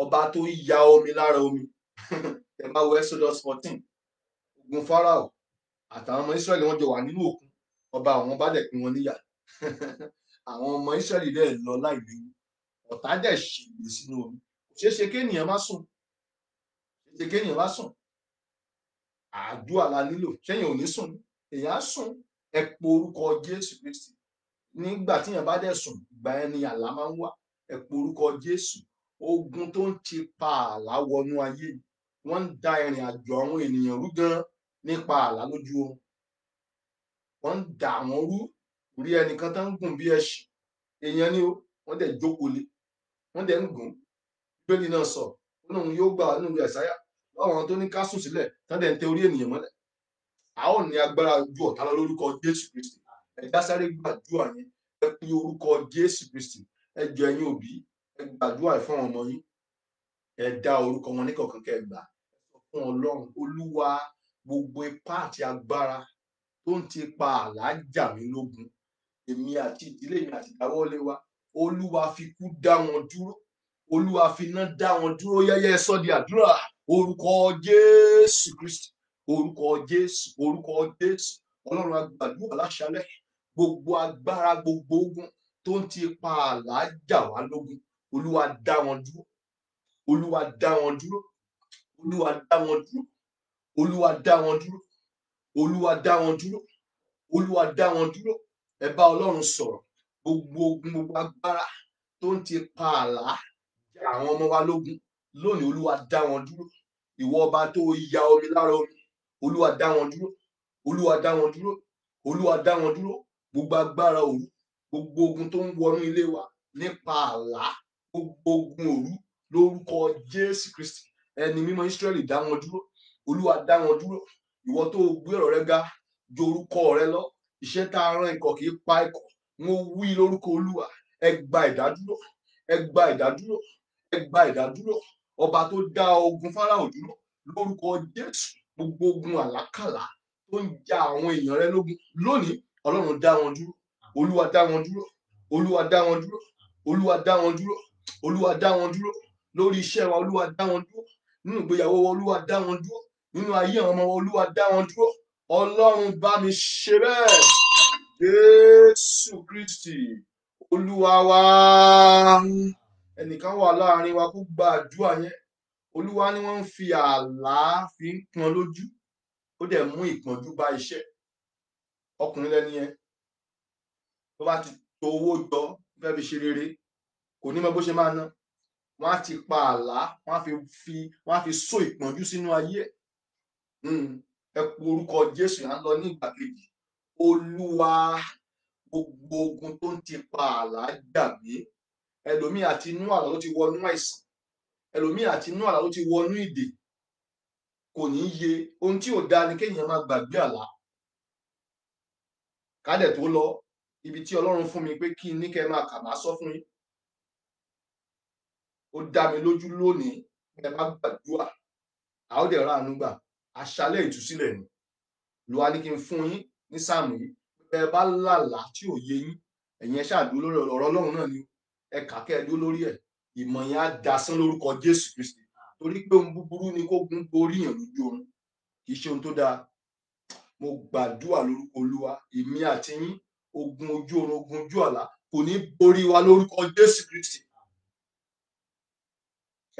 ọba tó ya omi lára omi ẹ máa wo exodus fourteen ogun farao àtàwọn ọmọ israẹli wọn jọ wà nínú òkun ọba àwọn bá dẹ pín wọn níyà àwọn ọmọ israẹli dẹ lọ láì léwu ọ̀tá dẹ ṣègbè sínú omi kò ṣeé ṣe kéènìyàn má sùn ṣe kéèyàn bá sùn àdúrà la nílò ṣẹyìn ò ní sùn èèyàn á sùn ẹ po orúkọ jésù kristi nígbà tí èèyàn bá dẹ̀ sùn ìgbà yẹn ni àlá máa ń wá ẹ porúkọ jésù ogun tó ń ti pa àlá wọnú ayé wọn ń da ìrìn àjò àwọn ènìyàn rú gan nípa àlá lójú oorun wọn ń da àwọn rú rí ẹnìkan tó ń gùn bí ẹṣin èèyàn ni ó wọn dẹ̀ jókòó lé wọn dẹ̀ ń gùn bíbélì náà sọ ó lóun yóò gbà wá nínú ẹsáyà láwọn tó ní ká sùn sílẹ̀ tán ń tẹ orí ènìyàn mọ́lẹ̀ a ó ní agbára ju ọ̀tá lọ lórúkọ jésù kristi ẹ̀dá sáré gbàdúrà yẹn ẹ pe orúkọ Jésù Kristi ẹ jọ ẹ̀yin òbí ẹ gbàdúrà fún ọmọ yín ẹ dá orúkọ wọn níkọ̀ọ̀kan kẹ́ gbà sọ fún Ọlọ́run Olúwa gbogbo ipá àti agbára tó ń ti pa àlàájà mi lógun èmi àti ìdílé mi àti ìdáwọ́lé wa Olúwa fi kú dá wọn dúró Olúwa fi iná dá wọn dúró yẹyẹ sọ di àdúrà orúkọ Jésù Kristi orúkọ Jésù orúkọ Jésù Ọlọ́run agbàdúrà láṣálẹ́ gbogbo agbára gbogbo ogun tó ń ti ipa àlá jà wá lógun olúwa dá wọn dúró olúwa dá wọn dúró olúwa dá wọn dúró olúwa dá wọn dúró olúwa dá wọn dúró olúwa dá wọn dúró ẹ bá ọlọ́run sọ̀rọ̀ gbogbo ogun gbogbo agbára tó ń ti pa àlá àwọn ọmọ wa lógun lónìí olúwa dá wọn dúró ìwọ ọba tó ya omi lára omi olúwa dá wọn dúró olúwa dá wọn dúró olúwa dá wọn dúró gbogbo agbára òru gbogbo ogun tó ń wọnú ilé wa nípa àlá gbogbo ogun òru lórúkọ jésù kristi ẹni mímọ́ israẹli dá wọn dúró olúwa dá wọn dúró ìwọ tó gbé rẹ ga ju orúkọ rẹ lọ iṣẹ́ tá a rán ikọ̀ kì í pa ikọ̀ mo wí lórúkọ olúwa ẹ gba ìdádúró ẹ gba ìdádúró ẹ gba ìdádúró ọba tó dá ogun fáráò dúró lórúkọ jésù gbogbo ogun àlákàlà tó ń ja àwọn èèyàn rẹ lógun lónìí ọlọ́run dá wọn dúró olúwa dá wọn dúró olúwa dá wọn dúró olúwa dá wọn dúró olúwa dá wọn dúró lórí iṣẹ́ wa olúwa dá wọn dúró nínú ìgbéyàwó wa olúwa dá wọn dúró nínú ayé àwọn ọmọ wa olúwa dá wọn dúró ọlọ́run bá mi ṣe bẹ́ẹ̀ jésù kristi olúwa wa ẹnìkan wà láàrin wa kó gba àdúrà yẹn olúwa ni wọ́n fi àlá fi ń pọn lójú ó dẹ̀ mú ìpọ́njú bá iṣẹ́ ọkùnrin lẹni yẹn tó bá ti to owó jọ fẹ́ fi ṣe rere kò ní mọ bó ṣe máa ná wọ́n á ti pa àlá wọ́n á fi fi wọ́n á fi só ìpọ́njú sínú ayé ẹ̀ hmm, ẹ kú orúkọ Jésù à ń lọ ní ìgbà kejì Olúwa gbogbo ogun tó ń ti pa àlá jà mí àti inú àlá ló ti wọnú àìsàn ẹlòmíì àti inú àlá ló ti wọnú ìdè kò ní yé ohun tí ò dáa ni kéèyàn máa gbàgbé àlá kádẹ̀ tó lọ ibi tí ọlọ́run fún mi pé kí n ní kẹ́ máa kà máa sọ fún yín ó dá mi lójú lónìí ẹ má gbàdúrà a ra àánú gbà àṣálẹ̀ ni ló wá ní kí n fún yín ní sáàmù yìí bẹ ẹ bá lálà tí ò yé yín ẹ̀yin ẹ ṣàdúró lórí ọ̀rọ̀ ọlọ́run náà ni ẹ kà kẹ́ ẹ dúró lórí ẹ̀ ìmọ̀ yẹn á dasán lórúkọ jésù kristi torí pé ohun búburú ni kó gun borí yàn lójú oorun kì í ṣe ohun tó dáa mo gbàdúrà lórúkọ olúwa èmi àti yín ogun ojú oorun ogun ojú àlá kò ní borí wa lórúkọ jésù kristi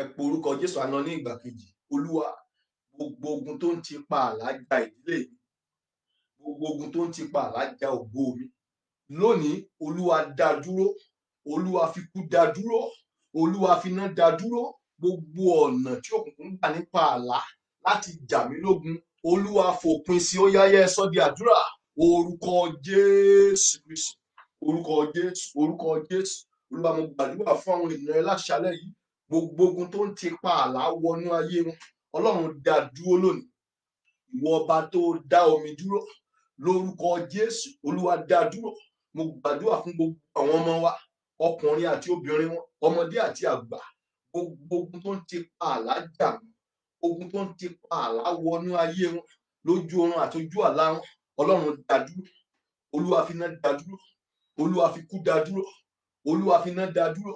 ẹ pé orúkọ jésù àná ní ìgbà kejì olúwa gbogbo ogun tó ń ti pa àlá ja ìdílé mi gbogbo ogun tó ń ti pa àlá ògbó mi lónìí olúwa dá dúró olúwa fi kú dá dúró olúwa fi iná dá dúró gbogbo ọ̀nà tí òkùnkùn gbà nípa àlá láti jà mí lógun olúwa fòpin sí ó yáyẹ sọ di àdúrà orúkọ jésù kristu orúkọ jésù orúkọ jésù olúwa mo gbàdúrà fún àwọn ènìyàn láṣálẹ́ yìí gbogbo ogun tó ń ti pa àlá wọnú ayé wọn ọlọ́run dá dúró lónìí ìwọ ọba tó dá omi dúró lórúkọ jésù olúwa dá dúró mo gbàdúrà fún gbogbo àwọn ọmọ wa ọkùnrin àti obìnrin wọn ọmọdé àti àgbà gbogbo ogun tó ń ti pa àlá jà mí ogun tó ń ti pa àlá wọnú ayé wọn lójú oorun àti ojú àlá wọn ọlọ́run dádúró olúwa fi iná dádúró olúwa fi kú dádúró olúwa fi iná dádúró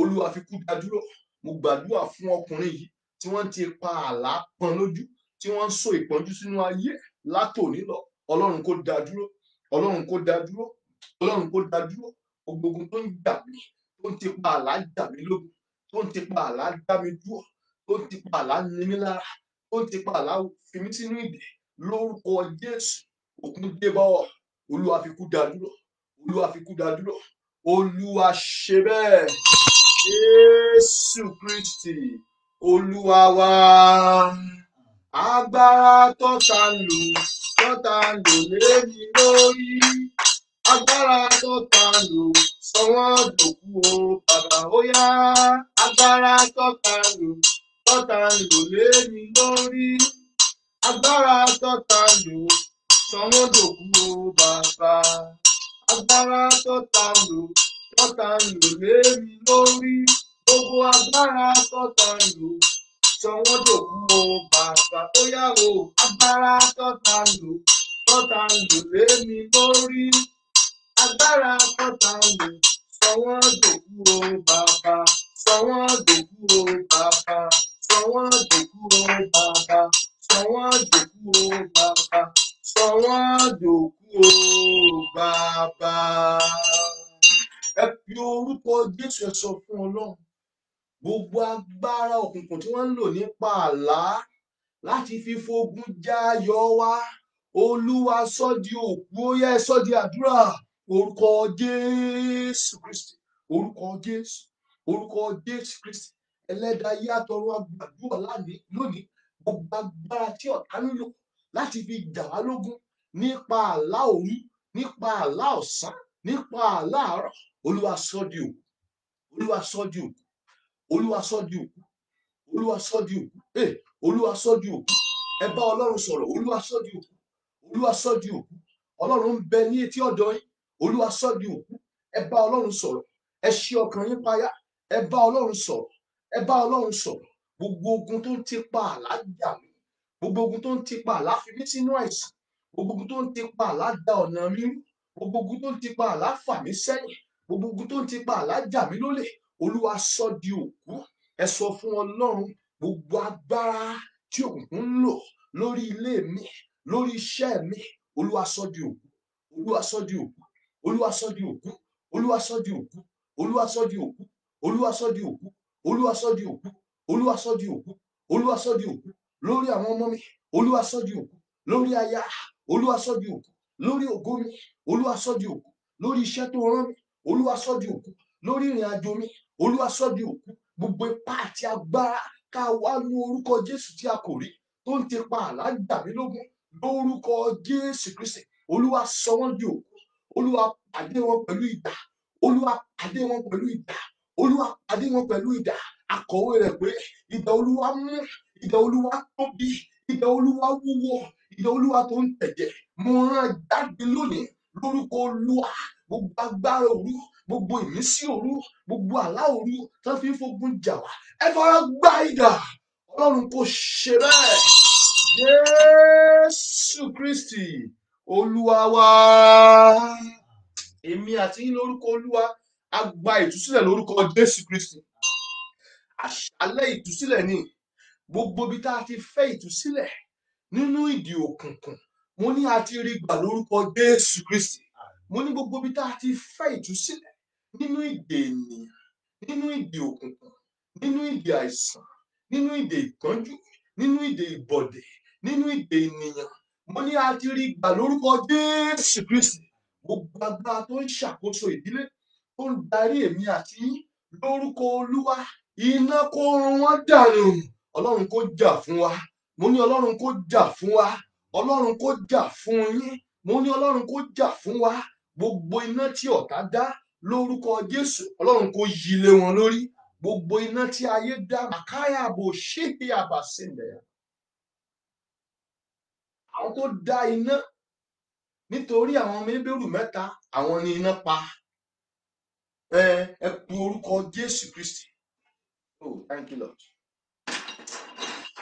olúwa fi kú dádúró mo gbàdúrà fún ọkùnrin yìí tí wọ́n ti pa àlá pọn lójú tí wọ́n ń so ìpọ́njú sínú ayé látòní lọ ọlọ́run kó dádúró ọlọ́run kó dádúró ọlọ́run kó dádúró gbogbo ogun tó ń jà mí tó ń ti pa àlá jà mí lógun tó ń ti pa àlá dá mi dúró ó ti pa àlá ní mí lára ó ti pa àlá fi mí sínú ìdè lórúkọ jésù òkun dé bá ọ olúwa fi olúwa ṣe bẹ́ẹ̀ jésù kristi olúwa wa agbára tọ́ta lò tọ́ta lò lémi lórí agbára tọ́ta lò sọ wọ́n dòkú o bàbá ó yá agbára tọ́ta lò tọ́ta yò lé ní lórí agbára tọ́ta yò sanwó-dòkú o bàbá agbára tọ́ta yò tọ́ta yò lé ní lórí gbogbo agbára tọ́ta yò sanwó-dòkú o bàbá ó yá o agbára tọ́ta yò tọ́ta yò lé ní lórí agbára tọ́ta yò sanwó-dòkú o bàbá sanwó-dòkú o bàbá sọ wọ́n dòkú o bàbá sọ wọ́n dòkú o bàbá sọ wọ́n dòkú o bàbá. ẹ fi orúkọ jésù ẹ sọ fún ọlọ́run gbogbo agbára òkùnkùn tí wọ́n ń lò nípa àlá láti fi fogun já yọ wá olúwa sọ di òkú ó yẹ sọ di àdúrà orúkọ jésù kristi orúkọ jésù orúkọ jésù kristi ẹlẹ́dàá yé àtọrọ àgbàdúrà lónìí gbogbo agbára tí ọ̀tá ń lò láti fi jà wá lógún nípa àlá òru nípa àlá ọ̀sán nípa àlá àárọ̀ olúwa sọ di òkú olúwa sọ di òkú olúwa sọ di òkú olúwa sọ di òkú ee olúwa sọ di òkú ẹ bá ọlọ́run sọ̀rọ̀ olúwa sọ di òkú olúwa sọ di òkú ọlọ́run ń bẹ ní etí ọ̀dọ̀ yín olúwa sọ di òkú ẹ bá ọlọ́run sọ̀rọ̀ ẹ ṣí ọkàn yín payá ẹ bá ọlọ́run sọ̀rọ̀ ẹ bá ọlọ́run sọ̀rọ̀ gbogbo ogun tó ń tipa àlá jà mí gbogbo ogun tó ń tipa àlá fi mí sínú àìsàn gbogbo ogun tó ń tipa àlá da ọ̀nà mi rú gbogbo ogun tó ń tipa àlá fà mí sẹ́yìn gbogbo ogun tó ń tipa àlá jà lólè olúwa sọ di òkú ẹ sọ fún ọlọ́run gbogbo agbára tí òkùnkùn ń lò lórí ilé mi lórí iṣẹ́ mi olúwa sọ di òkú olúwa sọ di òkú olúwa sọ di òkú olúwa sọ di òkú olúwa sọ di òkú olúwa sọ di òkú olúwa sọ di òkú olúwa sọ di òkú olúwa sọ di òkú lórí àwọn ọmọ mi olúwa sọ di òkú lórí aya olúwa sọ di òkú lórí ògo mi olúwa sọ di òkú lórí iṣẹ́ tó rán mi olúwa sọ di òkú lórí ìrìn àjò mi olúwa sọ di òkú gbogbo ipá àti agbára ká wá ní orúkọ jésù tí a kò rí tó ń ti pa àlá gbà lórúkọ jésù kristi olúwa sọ wọn di òkú olúwa pàdé wọn pẹ̀lú idà olúwa pàdé wọn pẹ̀lú idà olúwa pàdé wọn pẹ̀lú idà akọ̀wé rẹ̀ pé idà olúwa mú idà olúwa tóbi idà olúwa wúwo idà olúwa tó ń tẹ̀jẹ̀ mo rán jáde lónìí lórúkọ olúwa gbogbo agbára òru gbogbo ìmísí òru gbogbo àlá òru tó fi ń fogun jà wá ẹ fara gbá idà ọlọ́run kò ṣe bẹ́ẹ̀ jésù kristi olúwa wá èmi àti yín lórúkọ olúwa a gba ìtúsílẹ̀ lórúkọ Jésù Kristi àṣálẹ́ ìtúsílẹ̀ ni gbogbo ibi tá a ti fẹ́ ìtúsílẹ̀ nínú ìdí òkùnkùn mo ní a ti rí gbà lórúkọ Jésù Kristi mo ní gbogbo ibi tá a ti fẹ́ ìtúsílẹ̀ nínú ìdè ènìyàn nínú ìdè òkùnkùn nínú ìdè àìsàn nínú ìdè ìpọ́njú nínú ìdè ìbọ̀dè nínú ìdè ènìyàn mo ní a ti rí gbà lórúkọ Jésù Kristi gbogbo agbára tó ń ṣàkóso ìdílé ó ń darí èmi àti lórúkọ olúwa iná kó run wọ́n dànù ọlọ́run kó jà fún wa mo ní ọlọ́run kó jà fún wa ọlọ́run kó jà fún yín mo ní ọlọ́run kó jà fún wa gbogbo iná tí ọ̀tá dá lórúkọ jésù ọlọ́run kó yí lé wọn lórí gbogbo iná tí ayé dá àkáyà bò ṣéhe àbàṣẹlẹ àwọn tó dá iná nítorí àwọn ọmọ ebérù mẹ́ta àwọn ni iná pa ẹ ẹ pe orúkọ jésù kristi oh thank you lord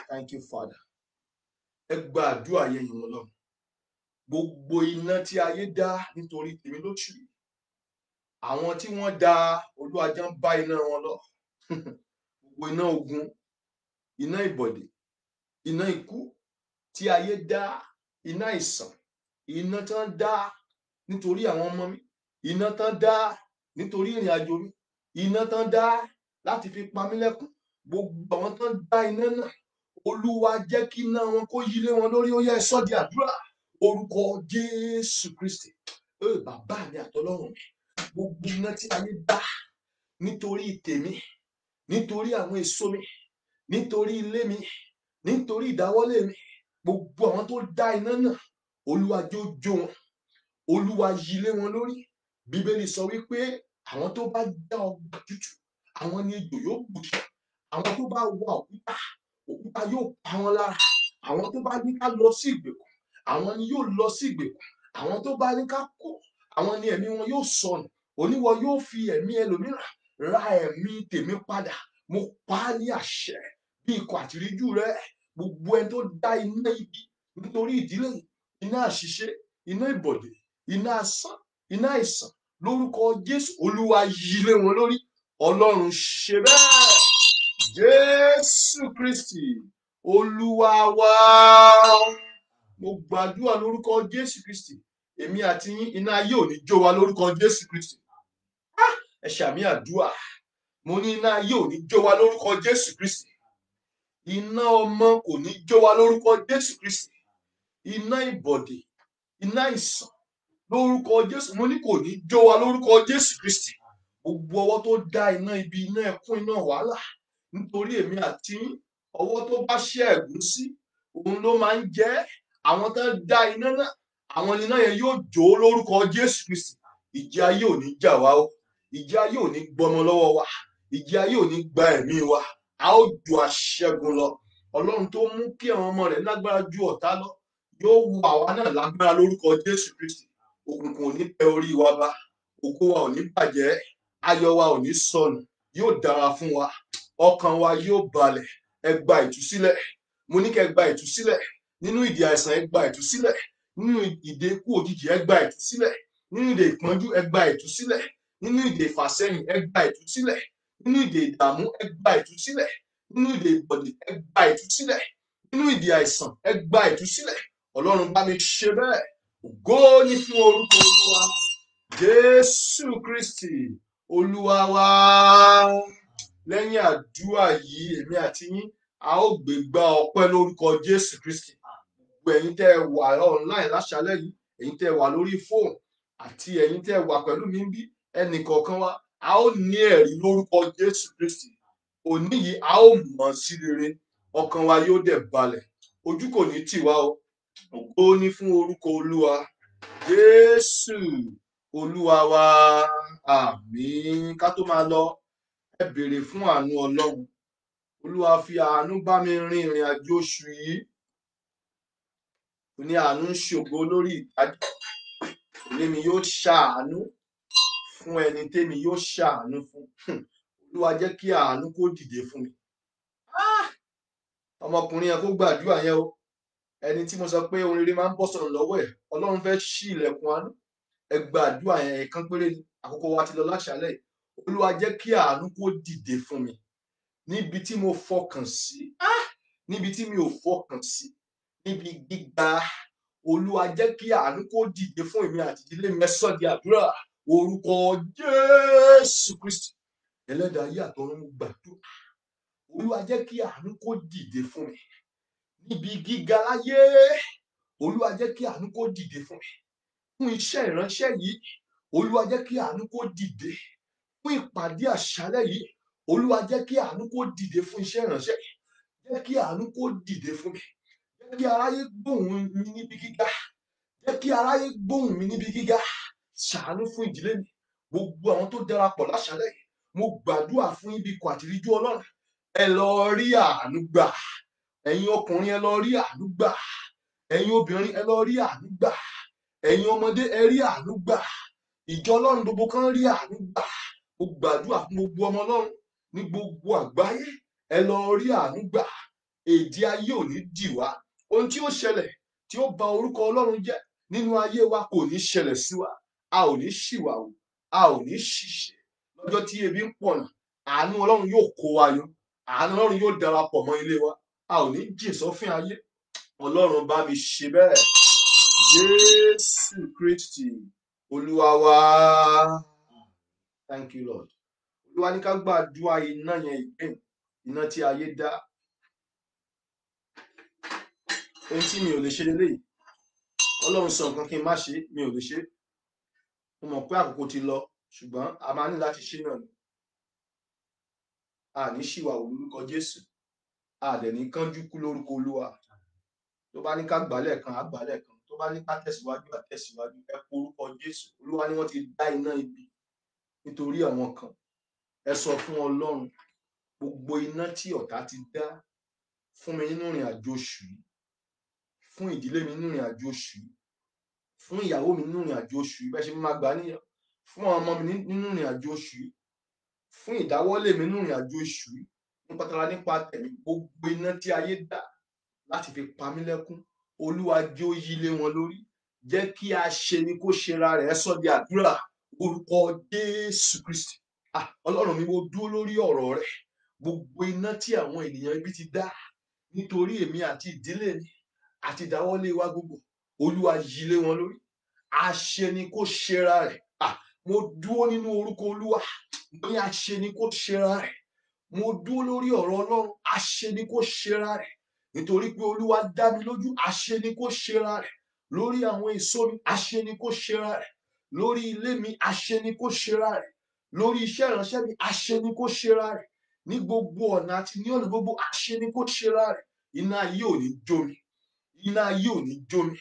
thank you father ẹ gba àdúrà yẹn yìí wọn lọ gbogbo iná tí ayé dá nítorí tèmi lóṣù yìí àwọn tí wọ́n dá olúwàjọ ń bá iná wọn lọ gbogbo iná ogun iná ìbọ̀dè iná ikú tí ayé dá iná ìsàn iná tán dá nítorí àwọn ọmọ mi iná tán dá nítorí ìrìn àjò mi iná tán dá láti fi pa mí lẹ́kún gbogbo àwọn tán dá iná náà olúwa jẹ́ kí iná wọn kó yí lé wọn lórí ó yẹ sọ di àdúrà orúkọ jésù kristi ẹ bàbá mi àtọlọ́run mi gbogbo iná tí ayé dá nítorí tèmi nítorí àwọn èso mi nítorí ilé mi nítorí ìdáwọ́lé mi gbogbo àwọn tó dá iná náà olúwa jó wọn olúwa yí wọn lórí bíbélì sọ wípé àwọn tó bá já ọgbà tútù àwọn ni ejò yóò gbòdì àwọn tó bá wa òkúta òkúta yóò pa wọn lára àwọn tó bá ní ká lọ sí ìgbèkùn àwọn ni yóò lọ sí ìgbèkùn àwọn tó bá ní ká kó àwọn ni ẹ̀mí wọn yóò sọnù oníwọ yóò fi ẹ̀mí ẹlòmíràn ra ẹ̀mí tèmi padà mo pa á ní àṣẹ bí ikọ̀ àtìríjú rẹ gbogbo ẹni tó dá iná ibi nítorí ìdílé iná àṣìṣe iná ìbọ̀dé iná asán iná àìsàn lórúkọ jésù olúwa yílé wọn lórí ọlọ́run ṣe bẹ́ẹ̀ jésù kristi olúwa wa mo gbàdúrà lórúkọ jésù kristi èmi àti yín iná ayé ò ní jó wa lórúkọ jésù kristi ah, ẹ ṣàmì àdúrà mo ní iná ayé ò ní jó wa lórúkọ jésù kristi iná ọmọ kò ní jó wa lórúkọ jésù kristi iná ìbọ̀dè iná ìsàn lórúkọ jésù mo ní kò ní jó wa lórúkọ jésù kristi gbogbo ọwọ́ tó dá iná ibi iná ẹkún iná wàhálà nítorí èmi àti ọwọ́ tó bá ṣe ẹ̀gún sí òun ló máa ń jẹ́ àwọn tó dá iná náà àwọn iná yẹn yóò jó lórúkọ jésù kristi ìjì ayé ò ní jà wá o ìjì ayé ò ní gbọmọ lọ́wọ́ wa ìjì ayé ò ní gba ẹ̀mí wa a ó ju àṣẹgun lọ ọlọ́run tó mú kí àwọn ọmọ rẹ̀ lágbára ju ọ̀tá lọ yóò wọ àwa náà lágbára lórúkọ jésù kristi òkùnkùn ò ní pẹ orí wa bá ògo wa ò ní bàjẹ́ ayọ̀ wa ò ní sọnù yóò dára fún wa ọkàn wa yóò balẹ̀ ẹ gba ìtúsílẹ̀ mo ní kẹ́ ẹ gba ìtúsílẹ̀ nínú ìdè àìsàn ẹ gba ìtúsílẹ̀ nínú ìdè ikú òjijì ẹ gba ìtúsílẹ̀ nínú ìdè ìpọ́njú ẹ gba ìtúsílẹ̀ nínú ìdè ìfàsẹ́yìn ẹ gba ìtúsílẹ̀ nínú ìdè ìdààmú ẹ gba ìtúsílẹ̀ nínú ìdè ìbọ̀dì ẹ gba ìtúsílẹ̀ nínú ìdè àìsàn ẹ gba ìtúsílẹ̀ Ọlọ́run bá mi ṣe bẹ́ẹ̀ ògo ni fún orúkọ olúwa jésù kristi olúwa wa lẹ́yìn àdúrà yìí èmi àti yín a ó gbégbá ọpẹ́ lórúkọ jésù kristi gbogbo ẹ̀yin tẹ́ wà online láṣálẹ́ yìí ẹ̀yin tẹ́ ẹ wà lórí fóònù àti ẹ̀yin tẹ́ wà pẹ̀lú mi ń bí ẹnìkọ̀ọ̀kan wa a ó ní ẹ̀rí lórúkọ jésù kristi òní yìí a ó mọ̀ sí rere ọkàn wa yóò dẹ̀ balẹ̀ ojú kò ní tì wá o ògo ni fún orúkọ olúwa jésù olúwa wa àmín ká tó máa lọ ẹ béèrè fún àánú ọlọ́run olúwa fi àánú bá mi rin ìrìn àjò oṣù yìí ní àánú ń ṣògo lórí ìdájọ́ òní mi yóò ṣàánú fún ẹni tèmi yóò ṣàánú fún olúwa jẹ́ kí àánú kó dìde fún mi ah! ọmọkùnrin yẹn kó gbàdúrà yẹn o ẹni tí mo sọ pé ohun rere máa ń bọ́ sọ̀rọ̀ lọ́wọ́ ẹ̀ ọlọ́run fẹ́ ṣí ilẹ̀kùn àánú ẹ gba àdúrà yẹn kan péré àkókò wa ti lọ láṣálẹ̀ olúwa jẹ́ kí àánú kó dìde fún mi níbi tí mo fọkàn sí ah! níbi tí mi ò fọkàn sí níbi gíga olúwa jẹ́ kí àánú kó dìde fún èmi àti ìdílé mi ẹsọ di àdúrà orúkọ jésù kristi ẹlẹ́dàá ayé àtọ̀run gbàdúrà olúwa jẹ́ kí àánú kó dìde fún mi níbi gíga láyé olúwa jẹ́ kí àánú kó dìde fún mi fún iṣẹ́ ìránṣẹ́ yìí olúwa jẹ́ kí àánú kó dìde fún ìpàdé àṣálẹ́ yìí olúwa jẹ́ kí àánú kó dìde fún iṣẹ́ ìránṣẹ́ yìí jẹ́ kí àánú kó dìde fún mi jẹ́ kí aráyé gbóhùn mi níbi gíga jẹ́ kí aráyé gbóhùn mi níbi gíga ṣàánú fún ìdílé mi gbogbo àwọn tó darapọ̀ láṣálẹ́ mo gbàdúrà fún ibi kò àtìríjú ọlọ́run ẹ lọ rí àánú gbà ẹ̀yin ọkùnrin ẹ lọ rí àdúgbà ẹ̀yin obìnrin ẹ lọ rí àdúgbà ẹ̀yin ọmọdé ẹ rí àdúgbà ìjọ ọlọ́run gbogbo kan rí àdúgbà mo gbàdúrà fún gbogbo ọmọ ọlọ́run ní gbogbo àgbáyé ẹ lọ rí àdúgbà èdè ayé ò ní dì wá ohun tí ó ṣẹlẹ̀ tí ó ba orúkọ ọlọ́run jẹ́ nínú ayé wa kò ní ṣẹlẹ̀ sí wa a ò ní ṣìwàwù a ò ní ṣìṣe lọ́jọ́ tí ebi ń pọ̀nà àánú ọlọ́run yóò kó wa yọ àánú ọlọ́run yóò darapọ̀ mọ́ ilé wa a ò ní jìn sófin ayé ọlọ́run bá mi ṣe bẹ́ẹ̀ jésù kristi olúwa wa thank you lord olúwa ní ká gbàdúrà iná yẹn ìgbín iná tí ayé dá ohun tí mi ò lè ṣe lélẹ́yìí ọlọ́run sọ nǹkan kí n má ṣe mi ò lè ṣe mo mọ̀ pé àkókò ti lọ ṣùgbọ́n a máa ní láti ṣe náà ni a ní ṣìwà orúkọ jésù àdẹ̀ní kánjú kú lórúkọ olúwa tó bá ní ká gbálẹ̀ kan àgbálẹ̀ kan tó bá ní ká tẹ̀síwájú àtẹ̀síwájú ẹ kó orúkọ jésù olúwa ni wọ́n ti dá iná ibi nítorí àwọn kan ẹ sọ fún ọlọ́run gbogbo iná tí ọ̀tá ti dá fún mi nínú ìrìn àjò oṣù yìí fún ìdílé mi nínú ìrìn àjò oṣù yìí fún ìyàwó mi nínú ìrìn àjò oṣù yìí bẹ́ẹ̀ ṣe máa gbà níyàn fún ọmọ mi nínú ìrìn àjò oṣù yìí fún ìdáwọ́lé mi nínú ìrìn àjò oṣù yìí nípa tara nípa tẹ̀mí gbogbo iná tí ayé dá láti fi pa mí lẹ́kún olúwa jẹ́ ó yí lé wọn lórí jẹ́ kí a ṣe ni kó ṣera rẹ̀ sọ di àdúrà orúkọ jésù kristi ọlọ́run mi mo dúró lórí ọ̀rọ̀ rẹ̀ gbogbo iná tí àwọn ènìyàn ibi ti dá nítorí èmi àti ìdílé mi àti ìdáwọ́lé wa gbogbo olúwa yí lé wọn lórí àṣẹ ni kó ṣera rẹ̀ mo dúró nínú orúkọ olúwa mo ní àṣẹ ni kó ṣera rẹ̀ mo dúró lórí ọ̀rọ̀ ọlọ́run àṣẹ ni kó ṣera rẹ̀ nítorí pé olúwa dá mi lójú àṣẹ ni kó ṣera rẹ̀ lórí àwọn èso mi àṣẹ ni kó ṣera rẹ̀ lórí ilé mi àṣẹ ni kó ṣera rẹ̀ lórí iṣẹ́ ìránṣẹ́ mi àṣẹ ni kó ṣera rẹ̀ ní gbogbo ọ̀nà àti ní ọ̀nà gbogbo àṣẹ ni kó ṣera rẹ̀ iná ayé ò ní jó mi iná ayé ò ní jó mi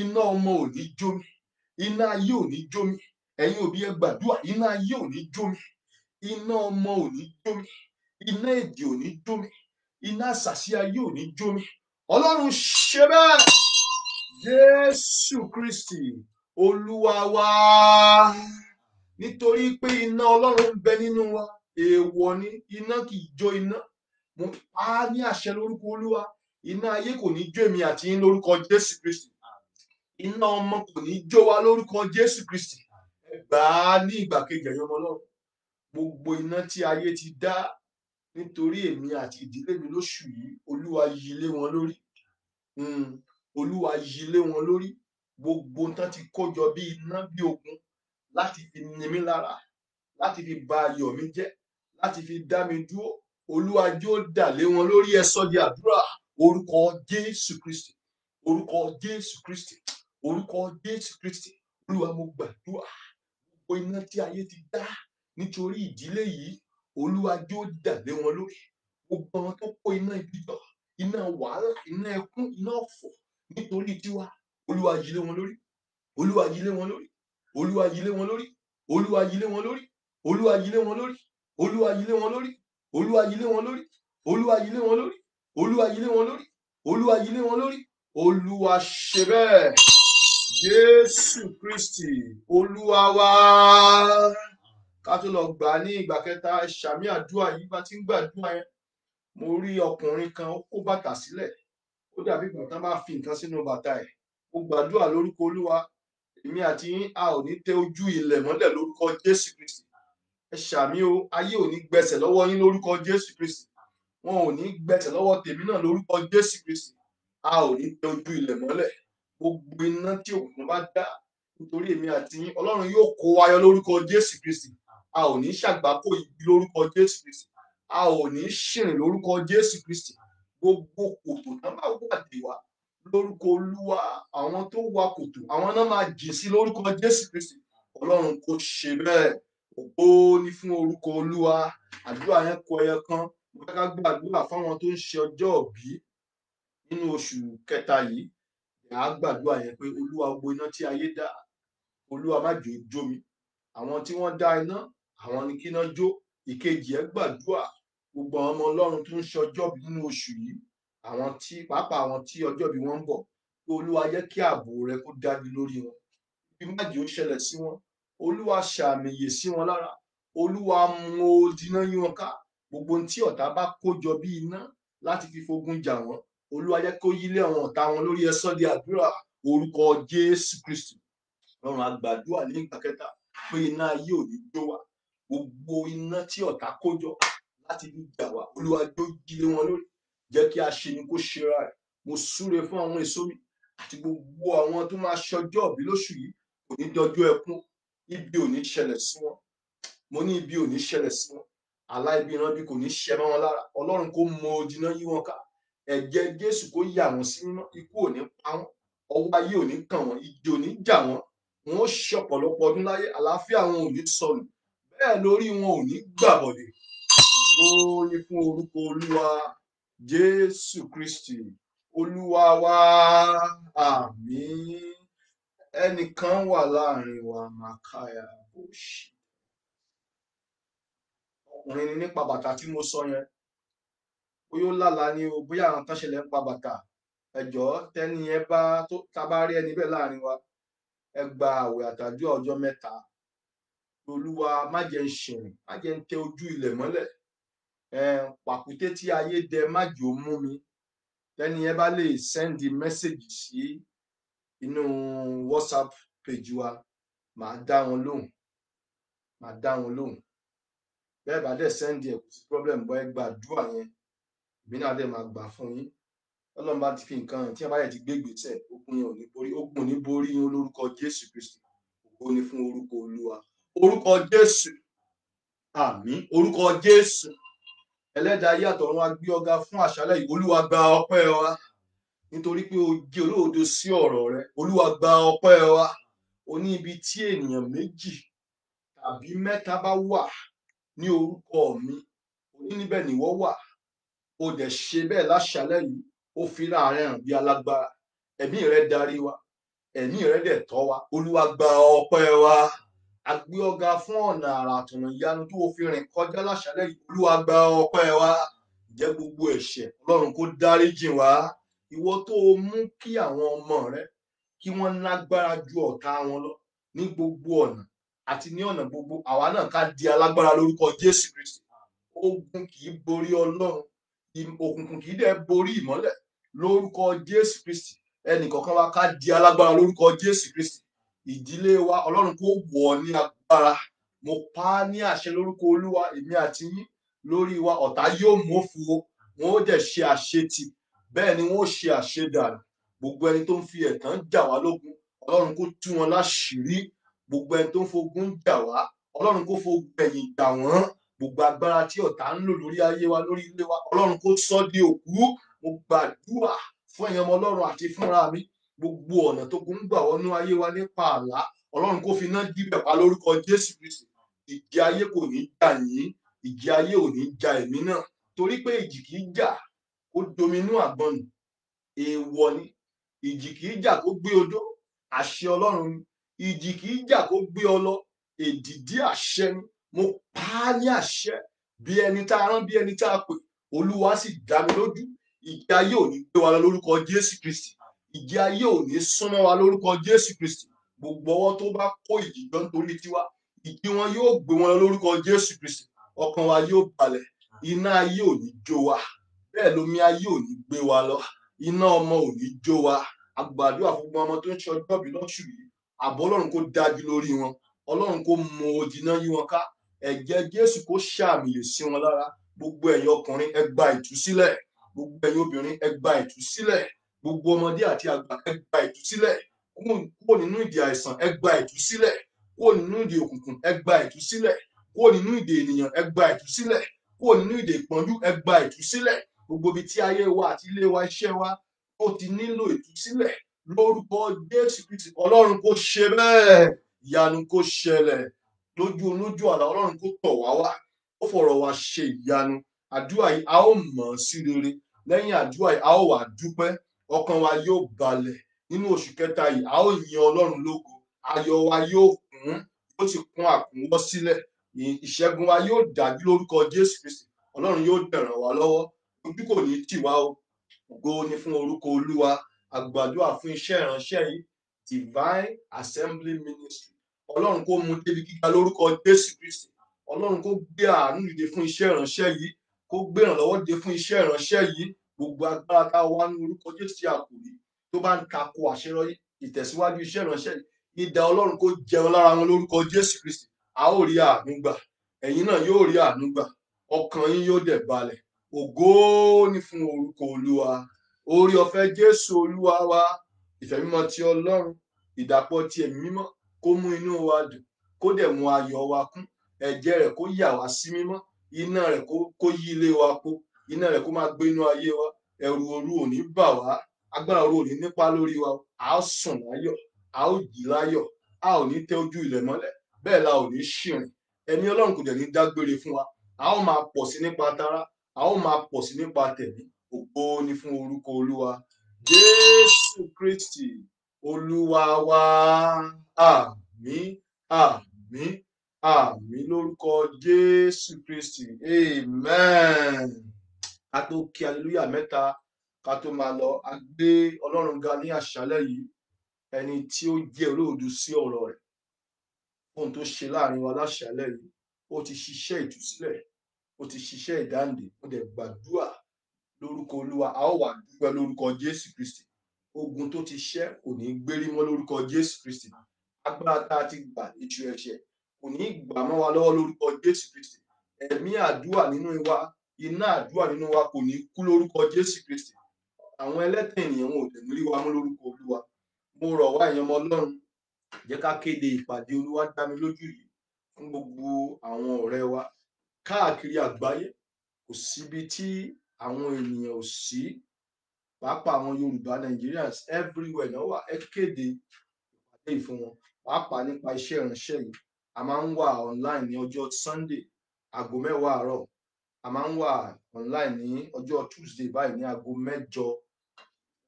iná ọmọ ò ní jó mi iná ayé ò ní jó mi ẹ̀yin òbí ẹ gbàdúrà iná ayé ò ní jó mi iná ọmọ ò ní jó mi iná èdè ò ní jó mi iná àṣàṣì ayé ò ní jó mi ọlọ́run ṣe bẹ́ẹ̀ jésù kristi olúwa wa nítorí pé iná ọlọ́run ń bẹ nínú wa èèwọ̀ ni iná kì í jó iná mo pa á ní àṣẹ lórúkọ olúwa iná ayé kò ní jó èmi àti yín lórúkọ jésù kristi iná ọmọ kò ní jó wa lórúkọ jésù kristi gbà á ní ìgbàkejì ẹ̀yọ́ ọmọ ọlọ́run gbogbo iná tí ayé ti dá nítorí èmi àti ìdílé mi lóṣù yìí olúwa yí lé wọn lórí hmm, olúwa yí lé wọn lórí gbogbo nǹkan tí kó jọ bí iná bí ogun láti fi ni mí lára láti fi bà ayọ̀ mi jẹ́ láti fi dá mi dúró olúwa jó dà lé wọn lórí ẹsọ di àdúrà orúkọ jésù kristi orúkọ jésù kristi orúkọ jésù kristi olúwa mo gbàdúrà gbogbo iná tí ayé ti dá nítorí ìdílé yìí olúwa jó dà lé wọn lórí gbogbo àwọn tó kó iná ibi jọ iná wàhálà iná ẹkún iná ọ̀fọ̀ nítorí tiwa olúwa yí lé wọn lórí olúwa yí lé wọn lórí olúwa yí lé wọn lórí olúwa yí lé wọn lórí olúwa yí lé wọn lórí olúwa yí lé wọn lórí olúwa yí lé wọn lórí olúwa yí lé wọn lórí olúwa yí lé wọn lórí olúwa yí lé wọn lórí olúwa ṣe bẹ́ẹ̀ jésù kristi olúwa wá ká tó lọ gbà á ní ìgbà kẹta ṣàmì àdúrà yìí bá ti ń gbàdúrà yẹn mo rí ọkùnrin kan ó kó bàtà sílẹ̀ ó dàbí ìgbà tán bá fi nǹkan sínú bàtà ẹ̀ mo gbàdúrà lórúkọ olúwa èmi àti yín a ò ní tẹ ojú ilẹ̀ mọ́lẹ̀ lórúkọ jésù kristi ẹ ṣàmì o ayé ò ní gbẹsẹ̀ lọ́wọ́ yín lórúkọ jésù kristi wọn ò ní gbẹsẹ̀ lọ́wọ́ tèmi náà lórúkọ jésù kristi a ò ní tẹ ojú ilẹ̀ mọ́lẹ̀ gbogbo iná tí òkùnkùn bá dá nítorí èmi àti yín ọlọ́run yóò kó wáyọ lórúkọ jésù kristi a ò ní ṣàgbákò ibi lórúkọ jésù kristi a ò ní ṣìrìn lórúkọ jésù kristi gbogbo kòtò náà máa wà dé wa lórúkọ olúwa àwọn tó wa kòtò àwọn náà máa jìn sí lórúkọ jésù kristi ọlọ́run kò ṣe bẹ́ẹ̀ ògbó ní fún orúkọ olúwa àdúrà yẹn kọ ẹyẹ kan mo fẹ́ ká gbàdúrà fáwọn tó ń ṣe ọjọ́ òbí nínú oṣù kẹta yìí ìyá gbàdúrà yẹn pé olúwa gbogbo tí ayé dá olúwa má jò mi àwọn tí wọ́n dá iná àwọn ni kíná jó ìkejì ẹ gbàdúrà gbogbo àwọn ọmọ Ọlọ́run tó ń ṣe ọjọ́bí nínú oṣù yìí àwọn tí pàápàá àwọn tí ọjọ́bí wọn ń bọ̀ pé olúwa jẹ́ kí ààbò rẹ kó dájú lórí wọn bí májì ó ṣẹlẹ̀ sí wọn olúwa ṣàmìyè sí wọn lára olúwa mú dínà yí wọn ká gbogbo ohun tí ọ̀tá bá kó jọ bí iná láti fi fogun jà wọn olúwa jẹ́ kó yílé àwọn ọ̀tá wọn lórí ẹsọ di àdúrà orúkọ Jésù Kristi Ọlọ́run àgbàdúrà ní ìgbà kẹta pé iná ayé ò ní jó wa gbogbo iná tí ọ̀tá kójọ láti ní ìjà wa olúwa jó jílé wọn lórí jẹ́ kí a ṣe ni kó ṣera rẹ̀ mo súre fún àwọn èso mi àti gbogbo àwọn tó máa ṣọjọ́ ọ̀bí lóṣù yìí kò ní dọjọ́ ẹkún ibi ò ní ṣẹlẹ̀ sí wọn mo ní ibi ò ní ṣẹlẹ̀ sí wọn aláìbí ìran bí kò ní ṣẹ mọ́ wọn lára ọlọ́run kó mọ òdìná yí wọn ká ẹ̀jẹ̀ jésù kó yà wọ́n sí mímọ́ ikú ò ní pa wọ́n ọwọ́ ayé ò ní kàn wọ́n ìjì ò ní jà wọ́n wọn ṣe ọ̀pọ̀lọpọ̀ ọdún láyé àlàáfíà wọn ò ní sọnù bẹ́ẹ̀ lórí wọn ò ní gbàbọ̀dé ó ní fún orúkọ olúwa jésù kristi olúwa wa àmín ẹnìkan wà láàrin wa makaya boshi ọkùnrin ni nípa bàtà tí mo sọ yẹn bóyá ó lálàá ni o bóyá àwọn kan ṣẹlẹ̀ nípa bàtà ẹjọ́ tẹ́ni yẹn bá tá a bá rí ẹni bẹ́ẹ̀ láàrin wa ẹ gba àwẹ̀ àtàdúrà ọjọ́ mẹ́ta olúwa má jẹ́ ń ṣẹ̀rìn má jẹ́ ń tẹ ojú ilẹ̀ mọ́lẹ̀ pàkúté tí ayé dẹ má jò mú mi tẹ́ni ẹ bá lè sẹ́ndì mẹ́sẹ̀gì sí inú whatsapp page wa màá dá wọn lóhùn màá dá wọn lóhùn bẹ́ẹ̀ bá dẹ̀ sẹ́ndì ẹ̀ kò sí problem bọ́ ẹ gbàdúrà yẹn èmi náà dẹ̀ máa gbà fún yín ọlọ́run ti fi nǹkan tí wọ́n bá yẹ ti gbé ìgbésẹ̀ ogun yẹn ò ní borí ogun ò ní borí yín lórúkọ jésù kristi ògo fún orúkọ olúwa orúkọ jésù àmín orúkọ jésù ẹlẹ́dàá ayé àtọ̀run agbé ọ̀gá fún àṣálẹ́ yìí olúwa gba ọpẹ́ wa nítorí pé o jẹ́ olóòdo sí ọ̀rọ̀ rẹ olúwa gba ọpẹ́ wa o ní ibi tí ènìyàn méjì tàbí mẹ́ta bá wà ní orúkọ mi oní níbẹ̀ nìwọ wà o dẹ̀ ṣe bẹ́ẹ̀ láṣálẹ́ yìí ó fi láàárín hàn bí alágbára ẹ̀mí rẹ darí wa ẹ̀mí rẹ dẹ̀ tọ́ wa olúwa gba ọpẹ́ wa àgbé ọ̀gá fún ọ̀nà àrà àtọ̀nà ìyanu tó fi rìn kọjá láṣálẹ̀ yìí olúwa gba ọpẹ́ wa jẹ́ gbogbo ẹ̀ṣẹ̀ ọlọ́run kó dáríjì wá ìwọ tó o mú kí àwọn ọmọ rẹ kí wọ́n lágbára ju ọ̀tá wọn lọ ní gbogbo ọ̀nà àti ní ọ̀nà gbogbo àwa náà ká di alágbára lórúkọ jésù kristi ogun kì í borí ọlọ́run òkùnkùn kì í dẹ̀ borí ìmọ́lẹ̀ lórúkọ jésù kristi ẹnì kọ̀ọ̀kan wa ká di alágbára lórúkọ jésù kristi ìdílé wa ọlọ́run kó wọ̀ ọ́ ní agbára mo pa á ní àṣẹ lórúkọ olúwa èmi àti yín lórí wa ọ̀tá yóò mófo wọn ó dẹ̀ ṣe àṣetì bẹ́ẹ̀ ni wọn ó ṣe àṣedànù gbogbo ẹni tó ń fi ẹ̀tàn jà wá lógun ọlọ́run kó tú wọn láṣìírí gbogbo ẹni tó ń fogun jà wá ọlọ́run kó fogun ẹ̀yìn jà wọ́n gbogbo agbára tí ọ̀tá ń lò lórí ayé wa lórí ilé wa ọlọ́run kó sọ́ di òkú mo gbàdúrà fún ẹ̀yàn ọmọ ọlọ́run àti fúnra mi gbogbo ọ̀nà tó gún gbà wọnú ayé wa nípa àlá ọlọ́run kó fi iná díbẹ̀ pa lórúkọ jésù kristi ìjì ayé kò ní jà yín ìjì ayé ò ní jà èmi náà torí pé ìjì kì í jà kó dominú àgbọn nù èèwọ̀ ni ìjì kì í jà kó gbé odó àṣẹ ọlọ́run ni ìjì kì í jà kó gbé ọlọ èdìdí àṣẹ ni mo pa á ní àṣẹ bí ẹni tá a rán bí ẹni tá a pè olúwa sì dá mi lójú ìjì ayé ò ní gbé wa lórúkọ jésù kristi ìjì ayé ò ní súnmọ́ wa lórúkọ Jésù Kristi gbogbo ọwọ́ tó bá kó ìjì jọ nítorí tiwa ìjì wọn yóò gbé wọn lórúkọ Jésù Kristi ọkàn wa yóò balẹ̀ iná ayé ò ní jó wa bẹ́ẹ̀ lomi ayé ò ní gbé wa lọ iná ọmọ ò ní jó wa àgbàdo àfọgbọ ọmọ tó ń ṣe ọjọ́ bí lọ́sù yìí àbọ̀ Ọlọ́run kò dájú lórí wọn Ọlọ́run kò mọ òjìná yí wọn ká ẹ̀jẹ̀ Jésù kò ṣàmìyè sí wọn lára gbogbo ẹ̀yin ọkùnrin ẹ gba gbogbo ẹ̀yin obìnrin ẹ gba gbogbo ọmọdé àti àgbà ẹ gba ìtúsílẹ̀ kúrò nínú ìdè àìsàn ẹ gba ìtúsílẹ̀ kúrò nínú ìdè òkùnkùn ẹ gba ìtúsílẹ̀ kúrò nínú ìdè ènìyàn ẹ gba ìtúsílẹ̀ kúrò nínú ìdè ìpọ́njú ẹ gba ìtúsílẹ̀ gbogbo ibi tí ayé wa àti ilé wa iṣẹ́ wa ó ti nílò ìtúsílẹ̀ lórúkọ Jésù Kristi Ọlọ́run kò ṣe bẹ́ẹ̀ ìyanu kò ṣẹlẹ̀ lójú olójú àlá Ọlọ́run kò tọ̀ wá wá ó fọ̀rọ̀ wá ṣe ìyanu àdúrà yìí a ó mọ̀ sí rere lẹ́yìn àdúrà yìí a ó wà dúpẹ́ ọkàn wa yóò balẹ̀ nínú oṣù kẹta yìí a ó yin ọlọ́run lógo ayọ̀ wa yóò kún yóò sì kún àkúnwọ́ sílẹ̀ ìṣẹ́gun wa yóò dájú lórúkọ jésù kristi ọlọ́run yóò dẹ̀ràn wa lọ́wọ́ ojú kò ní tì wá ògo ni fún orúkọ olúwa àgbàdua fún iṣẹ́ ìránṣẹ́ yìí divine assembly ministry ọlọ́run kó mú débi gíga lórúkọ jésù kristi ọlọ́run kó gbé àánú dìde fún iṣẹ́ ìrànṣẹ́ yìí kó gbé ìrànlọ́wọ́ dìde fún iṣẹ́ ìrànṣẹ́ yìí gbogbo agbára tá a wá ní orúkọ jésù tí a kò rí tó bá ń tako àṣeyọrí ìtẹ̀síwájú iṣẹ́ ìránṣẹ́ idà ọlọ́run kó jẹun lára wọn lórúkọ jésù kristi a ó rí àánú gbà ẹ̀yin náà yóò rí àánú gbà ọkàn yín yóò dẹ̀ balẹ̀ ògo ni fún orúkọ olúwa orí ọ̀fẹ́ jésù olúwa wa ìfẹ́ mímọ́ ti ọlọ́run ìdàpọ̀ ti ẹ̀mí mímọ́ kó mú inú wa dùn kó dẹ̀ mú ayọ̀ wa kún ẹ̀jẹ̀ rẹ̀ kó yà wá sí mímọ́ iná rẹ̀ kó yí ilé wa po iná rẹ̀ kó máa gbé ayé wa ẹ̀rù òru ò ní bà wá agbára òru ò ní nípa lórí wa a ó sùn láyọ̀ a ó jí láyọ̀ a ò ní tẹ ojú ilẹ̀ mọ́lẹ̀ bẹ́ẹ̀ la ò ní ṣìrìn ẹ̀mí Ọlọ́run kò dẹ̀ ní dágbére fún wa a ó máa pọ̀ sí nípa tara a ó máa pọ̀ sí nípa tẹ̀mí ògo ni fún orúkọ Olúwa Jésù Kristi Olúwa wa àmín àmín àmín lórúkọ Jésù Kristi amen ká tó kí aleluya mẹ́ta ká tó máa lọ a gbé ọlọ́run ga ní àṣálẹ́ yìí ẹni tí ó jẹ́ olóòdù sí ọ̀rọ̀ rẹ̀ ohun tó ṣe láàrin wa láṣálẹ́ yìí ó ti ṣiṣẹ́ ìtúsílẹ̀ ó ti ṣiṣẹ́ ìdáǹdè ó dẹ̀ gbàdúà lórúkọ olúwa a ó wà dúpẹ́ lórúkọ jésù kristi ogun tó ti ṣẹ́ kò ní gbérí mọ́ lórúkọ jésù kristi agbára tá a ti gbà ètò ẹ̀ṣẹ̀ kò ní gbà mọ́ wa lọ́wọ́ lórúkọ jésù kristi ẹ̀mí àdúà nínú wa iná àdúrà nínú wa kò ní kú lórúkọ jésù kristi àwọn ẹlẹ́tẹ̀ ènìyàn wọn ò dẹ̀ ní rí wa mú lórúkọ olúwa mo rọ̀ wá ẹ̀yàn ọmọ ọlọ́run jẹ́ ká kéde ìpàdé olúwa dá mi lójú yìí fún gbogbo àwọn ọ̀rẹ́ wa káàkiri àgbáyé kò síbi tí àwọn ènìyàn ò sí pàápàá àwọn yorùbá nigerians everywhere náà wà ẹ kéde ìpàdé yìí wọn pàápàá nípa iṣẹ́ ìránṣẹ́ yìí a máa ń wà online ní ọjọ́ sunday aago mẹ́wàá àárọ̀ a máa ń wà online ní ọjọ́ Tuesday báyìí ní aago mẹ́jọ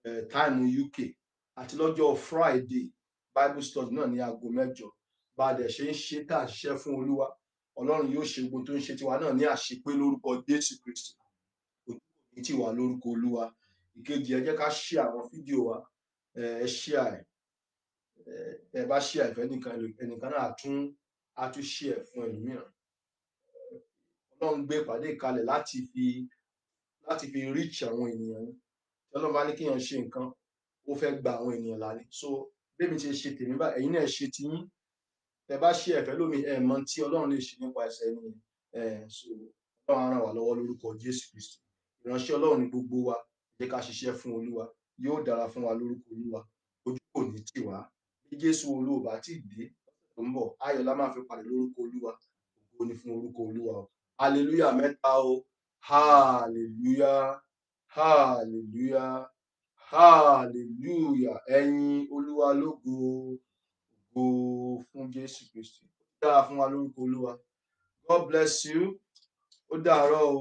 eh, táìmù UK àti lọ́jọ́ Friday Bible study náà ní aago mẹ́jọ bá a dẹ̀ ṣe ń ṣe tá a ṣiṣẹ́ fún Olúwa Ọlọ́run yóò ṣe gbogbo tó ń ṣe tiwa náà ní àṣepé lórúkọ Jésù Kristi ojú kò ní tì wá lórúkọ Olúwa ìkejì ẹ jẹ́ ká ṣe àwọn fídíò wa eh, ẹ ṣe àì eh, ẹ bá ṣe àìfẹ́ nìkan ẹnìkan náà àtún àtúnṣe ẹ fún ẹlòmíràn Ọlọ́run gbé ìpàdé kalẹ̀ láti fi láti fi reach àwọn ènìyàn ni tí Ọlọ́run bá ní kéèyàn ṣe nǹkan ó fẹ́ gba àwọn ènìyàn là so bẹ́mi ṣe ṣe tèmi báyìí ẹ̀yin náà ṣe tiyín tẹ́ bá ṣe ẹ̀fẹ́ lómi ẹ̀ mọ tí Ọlọ́run lè ṣe nípa ẹsẹ̀ ẹni so Ọlọ́run á ràn wá lọ́wọ́ lórúkọ Jésù Kristi ìránṣẹ́ Ọlọ́run ni gbogbo wa jẹ́ ká ṣiṣẹ́ fún Olúwa yóò dára fún wa lórúkọ Olúwa ojú kò ní tì wá bí Jésù olóòbá tí dé tó ń bọ̀ ayọ̀ máa fi pàdé lórúkọ Olúwa ògo fún orúkọ Olúwa o hallelujah mẹ́ta o hallelujah hallelujah hallelujah ẹ̀yin olúwa lógo ògo fún jésù kristi dáa fún wa lórúkọ olúwa god bless you ó dàárọ̀ o.